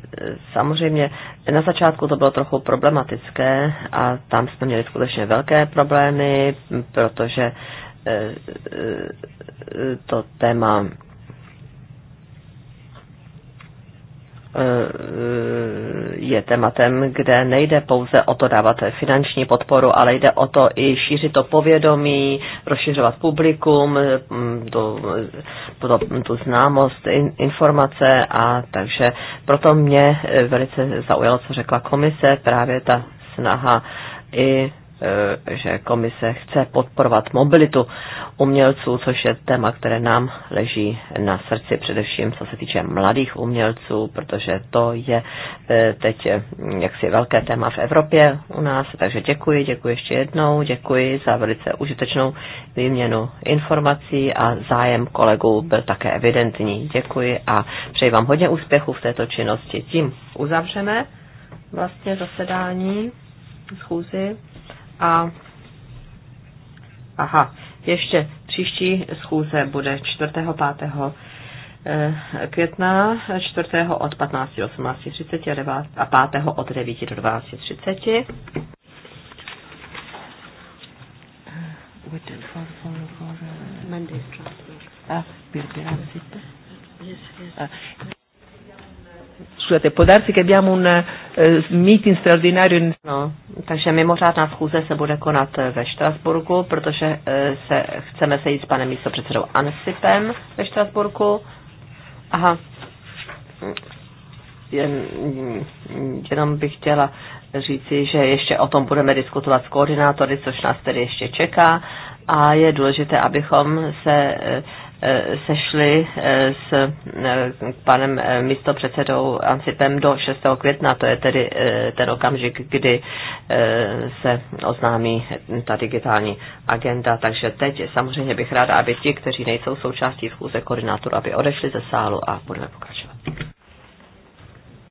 samozřejmě na začátku to bylo trochu problematické a tam jsme měli skutečně velké problémy, protože to téma E, je tématem, kde nejde pouze o to dávat finanční podporu, ale jde o to i šířit to povědomí, rozšiřovat publikum, tu, e, tu, tu známost, informace a takže proto mě e, velice zaujalo, co řekla komise, právě ta snaha i Eh, že komise chce podporovat mobilitu umělců, což je téma, které nám leží na srdci, především co se týče mladých umělců, protože to je eh, teď eh, jaksi velké téma v Evropě u nás. Takže děkuji, děkuji ještě jednou, děkuji za velice užitečnou výměnu informací a zájem kolegů byl také evidentní. Děkuji a přeji vám hodně úspěchů v této činnosti. Tím uzavřeme vlastně zasedání schůzi. A aha, ještě příští schůze bude 4. 5 eh, května, 4. od 15 18. 18.30 a 5. od 9 do 12.30. 30. uh, yes, yes. Uh, Scusate, può darsi che abbiamo un uh, meeting straordinario. In... No, takže mimořádná schůze se bude konat eh, ve Štrasburku, protože uh, se, chceme sejít s panem místopředsedou Ansipem ve Štrasburku. Aha, jen, jenom bych chtěla říci, že ještě o tom budeme diskutovat s koordinátory, což nás tedy ještě čeká a je důležité, abychom se Eh, sešli eh, s eh, panem místopředsedou Ancipem do 6. května, to je tedy ten okamžik, kdy se oznámí ta digitální agenda. Takže teď samozřejmě bych ráda, aby ti, kteří nejsou součástí schůze koordinátoru, aby odešli ze sálu a budeme pokračovat.